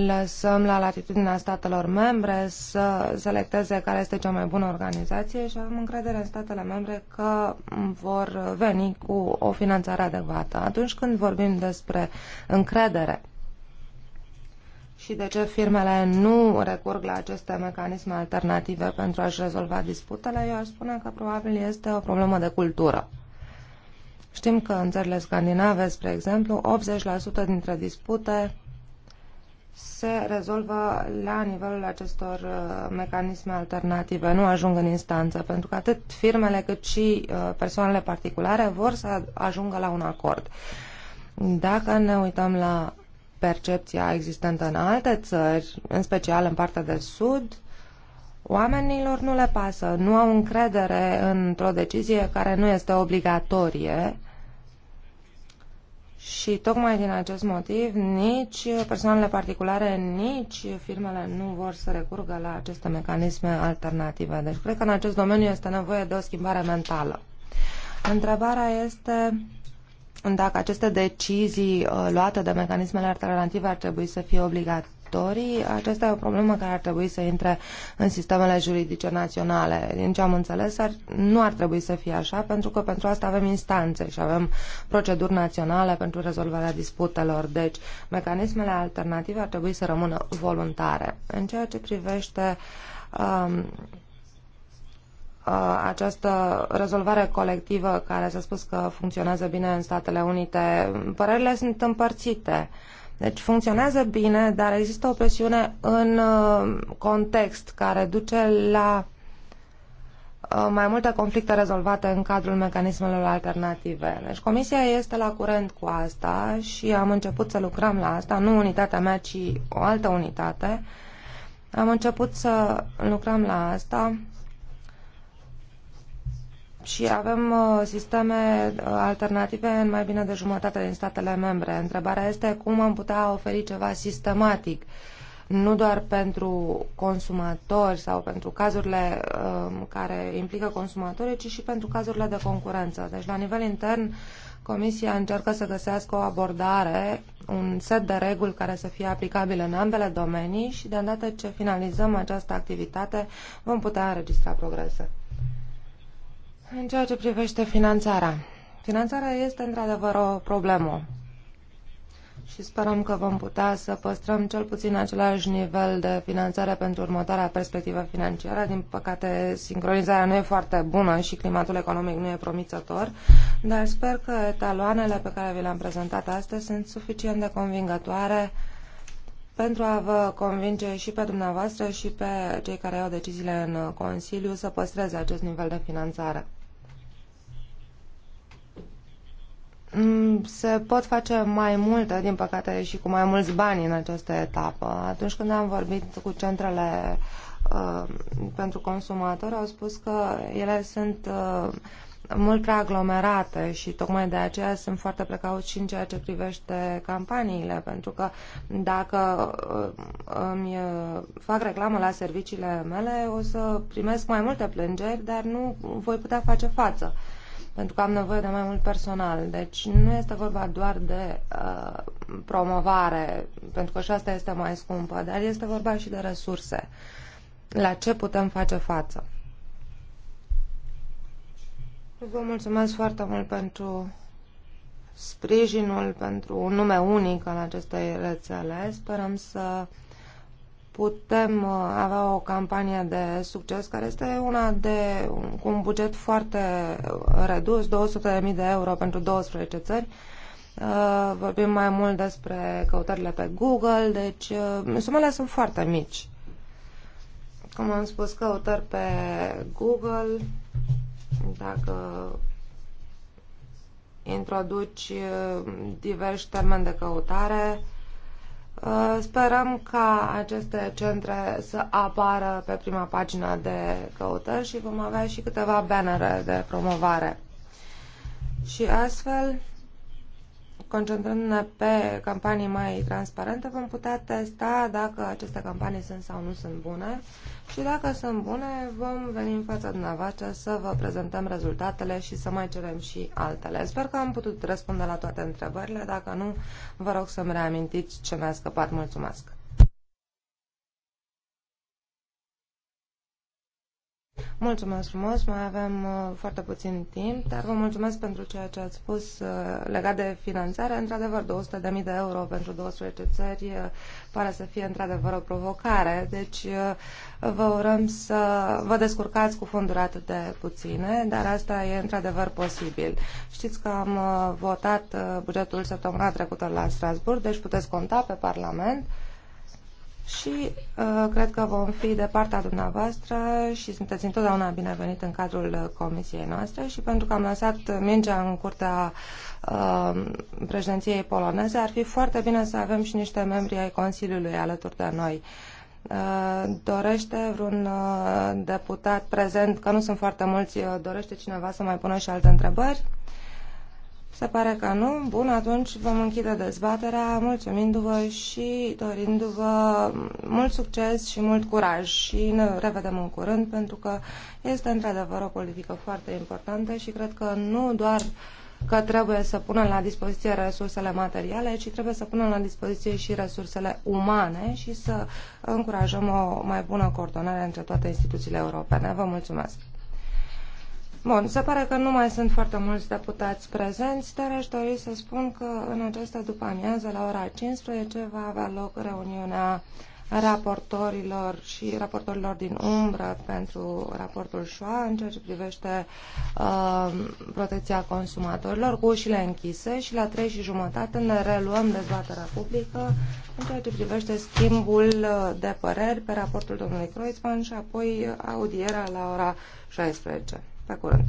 lăsăm la latitudinea statelor membre să selecteze care este cea mai bună organizație și am încredere în statele membre că vor veni cu o finanțare adecvată. Atunci când vorbim despre încredere și de ce firmele nu recurg la aceste mecanisme alternative pentru a-și rezolva disputele, eu aș spune că probabil este o problemă de cultură. Știm că în țările scandinave, spre exemplu, 80% dintre dispute se rezolvă la nivelul acestor uh, mecanisme alternative, nu ajung în instanță, pentru că atât firmele cât și uh, persoanele particulare vor să ajungă la un acord. Dacă ne uităm la percepția existentă în alte țări, în special în partea de sud, oamenilor nu le pasă, nu au încredere într-o decizie care nu este obligatorie și tocmai din acest motiv, nici persoanele particulare, nici firmele nu vor să recurgă la aceste mecanisme alternative. Deci cred că în acest domeniu este nevoie de o schimbare mentală. Întrebarea este dacă aceste decizii uh, luate de mecanismele alternative ar trebui să fie obligate actorii, aceasta e o problemă care ar trebui să intre în sistemele juridice naționale. Din ce am înțeles, ar, nu ar trebui să fie așa, pentru că pentru asta avem instanțe și avem proceduri naționale pentru rezolvarea disputelor. Deci, mecanismele alternative ar trebui să rămână voluntare. În ceea ce privește um, uh, această rezolvare colectivă care s-a spus că funcționează bine în Statele Unite, părerile sunt împărțite. Uh, deci funcționează bine, dar există o presiune în uh, context care duce la uh, mai multe conflicte rezolvate în cadrul mecanismelor alternative. Deci Comisia este la curent cu asta și am început să lucrăm la asta, nu unitatea mea, ci o altă unitate. Am început să lucrăm la asta și avem uh, sisteme uh, alternative în mai bine de jumătate din statele membre. Întrebarea este cum am putea oferi ceva sistematic, nu doar pentru consumatori sau pentru cazurile um, care implică consumatorii, ci și pentru cazurile de concurență. Deci, la nivel intern, Comisia încearcă să găsească o abordare, un set de reguli care să fie aplicabile în ambele domenii și de îndată ce finalizăm această activitate vom putea înregistra progrese. În ceea ce privește finanțarea. Finanțarea este într-adevăr o problemă și sperăm că vom putea să păstrăm cel puțin același nivel de finanțare pentru următoarea perspectivă financiară. Din păcate, sincronizarea nu e foarte bună și climatul economic nu e promițător, dar sper că taloanele pe care vi le-am prezentat astăzi sunt suficient de convingătoare pentru a vă convinge și pe dumneavoastră și pe cei care au deciziile în Consiliu să păstreze acest nivel de finanțare. Mm, se pot face mai multe, din păcate, și cu mai mulți bani în această etapă. Atunci când am vorbit cu centrele uh, pentru consumatori, au spus că ele sunt uh, mult prea aglomerate și tocmai de aceea sunt foarte precauți și în ceea ce privește campaniile, pentru că dacă uh, îmi uh, fac reclamă la serviciile mele, o să primesc mai multe plângeri, dar nu voi putea face față. Uh, pentru că am nevoie de mai mult personal. Deci nu este vorba doar de uh, promovare, pentru că și asta este mai scumpă, dar este vorba și de resurse. La ce putem face față? Vă mulțumesc foarte mult pentru sprijinul, pentru un nume unic al acestei rețele. Sperăm să putem uh, avea o campanie de succes care este una de, cu un buget foarte uh, redus, 200.000 de euro pentru 12 țări. Uh, vorbim mai mult despre căutările pe Google, deci sumele sunt foarte mici. Cum am spus, căutări pe Google, dacă introduci diversi termeni de căutare, Uh, sperăm ca aceste centre să apară pe prima pagină de căutări și vom avea și câteva bannere de promovare. Și astfel concentrându-ne pe campanii mai transparente, vom putea testa dacă aceste campanii sunt sau nu sunt bune și dacă sunt bune, vom veni în fața dumneavoastră să vă prezentăm rezultatele și să mai cerem și altele. Sper că am putut răspunde la toate întrebările. Dacă nu, vă rog să-mi reamintiți ce mi-a scăpat. Mulțumesc! Mulțumesc frumos, mai avem uh, foarte puțin timp, dar vă mulțumesc pentru ceea ce ați spus uh, legat de finanțare. Într-adevăr, 200.000 de euro pentru 12 țări uh, pare să fie într-adevăr o provocare, deci uh, vă urăm să vă descurcați cu fonduri atât de puține, dar asta e într-adevăr posibil. Știți că am uh, votat uh, bugetul săptămâna trecută la Strasburg, deci puteți conta pe Parlament. Uh, și uh, cred că vom fi de partea dumneavoastră și sunteți întotdeauna binevenit în cadrul uh, comisiei noastre și pentru că am lăsat mingea în curtea uh, președinției poloneze, ar fi foarte bine să avem și niște membri ai Consiliului alături de noi. Uh, dorește vreun uh, deputat prezent, că nu sunt foarte mulți, uh, dorește cineva să mai pună și alte întrebări? Se pare că nu. Bun, atunci vom închide dezbaterea mulțumindu-vă și dorindu-vă mult succes și mult curaj și ne revedem în curând pentru că este într-adevăr o politică foarte importantă și cred că nu doar că trebuie să punem la dispoziție resursele materiale, ci trebuie să punem la dispoziție și resursele umane și să încurajăm o mai bună coordonare între toate instituțiile europene. Vă mulțumesc! Bun, se pare că nu mai sunt foarte mulți deputați prezenți, dar aș dori să spun că în această după-amiază, la ora 15, va avea loc reuniunea raportorilor și raportorilor din umbră pentru raportul șoa în ceea ce privește uh, protecția consumatorilor cu ușile închise și la 3 și jumătate ne reluăm dezbaterea publică în ceea ce privește schimbul de păreri pe raportul domnului Croizman și apoi audierea la ora 16. Pe curând!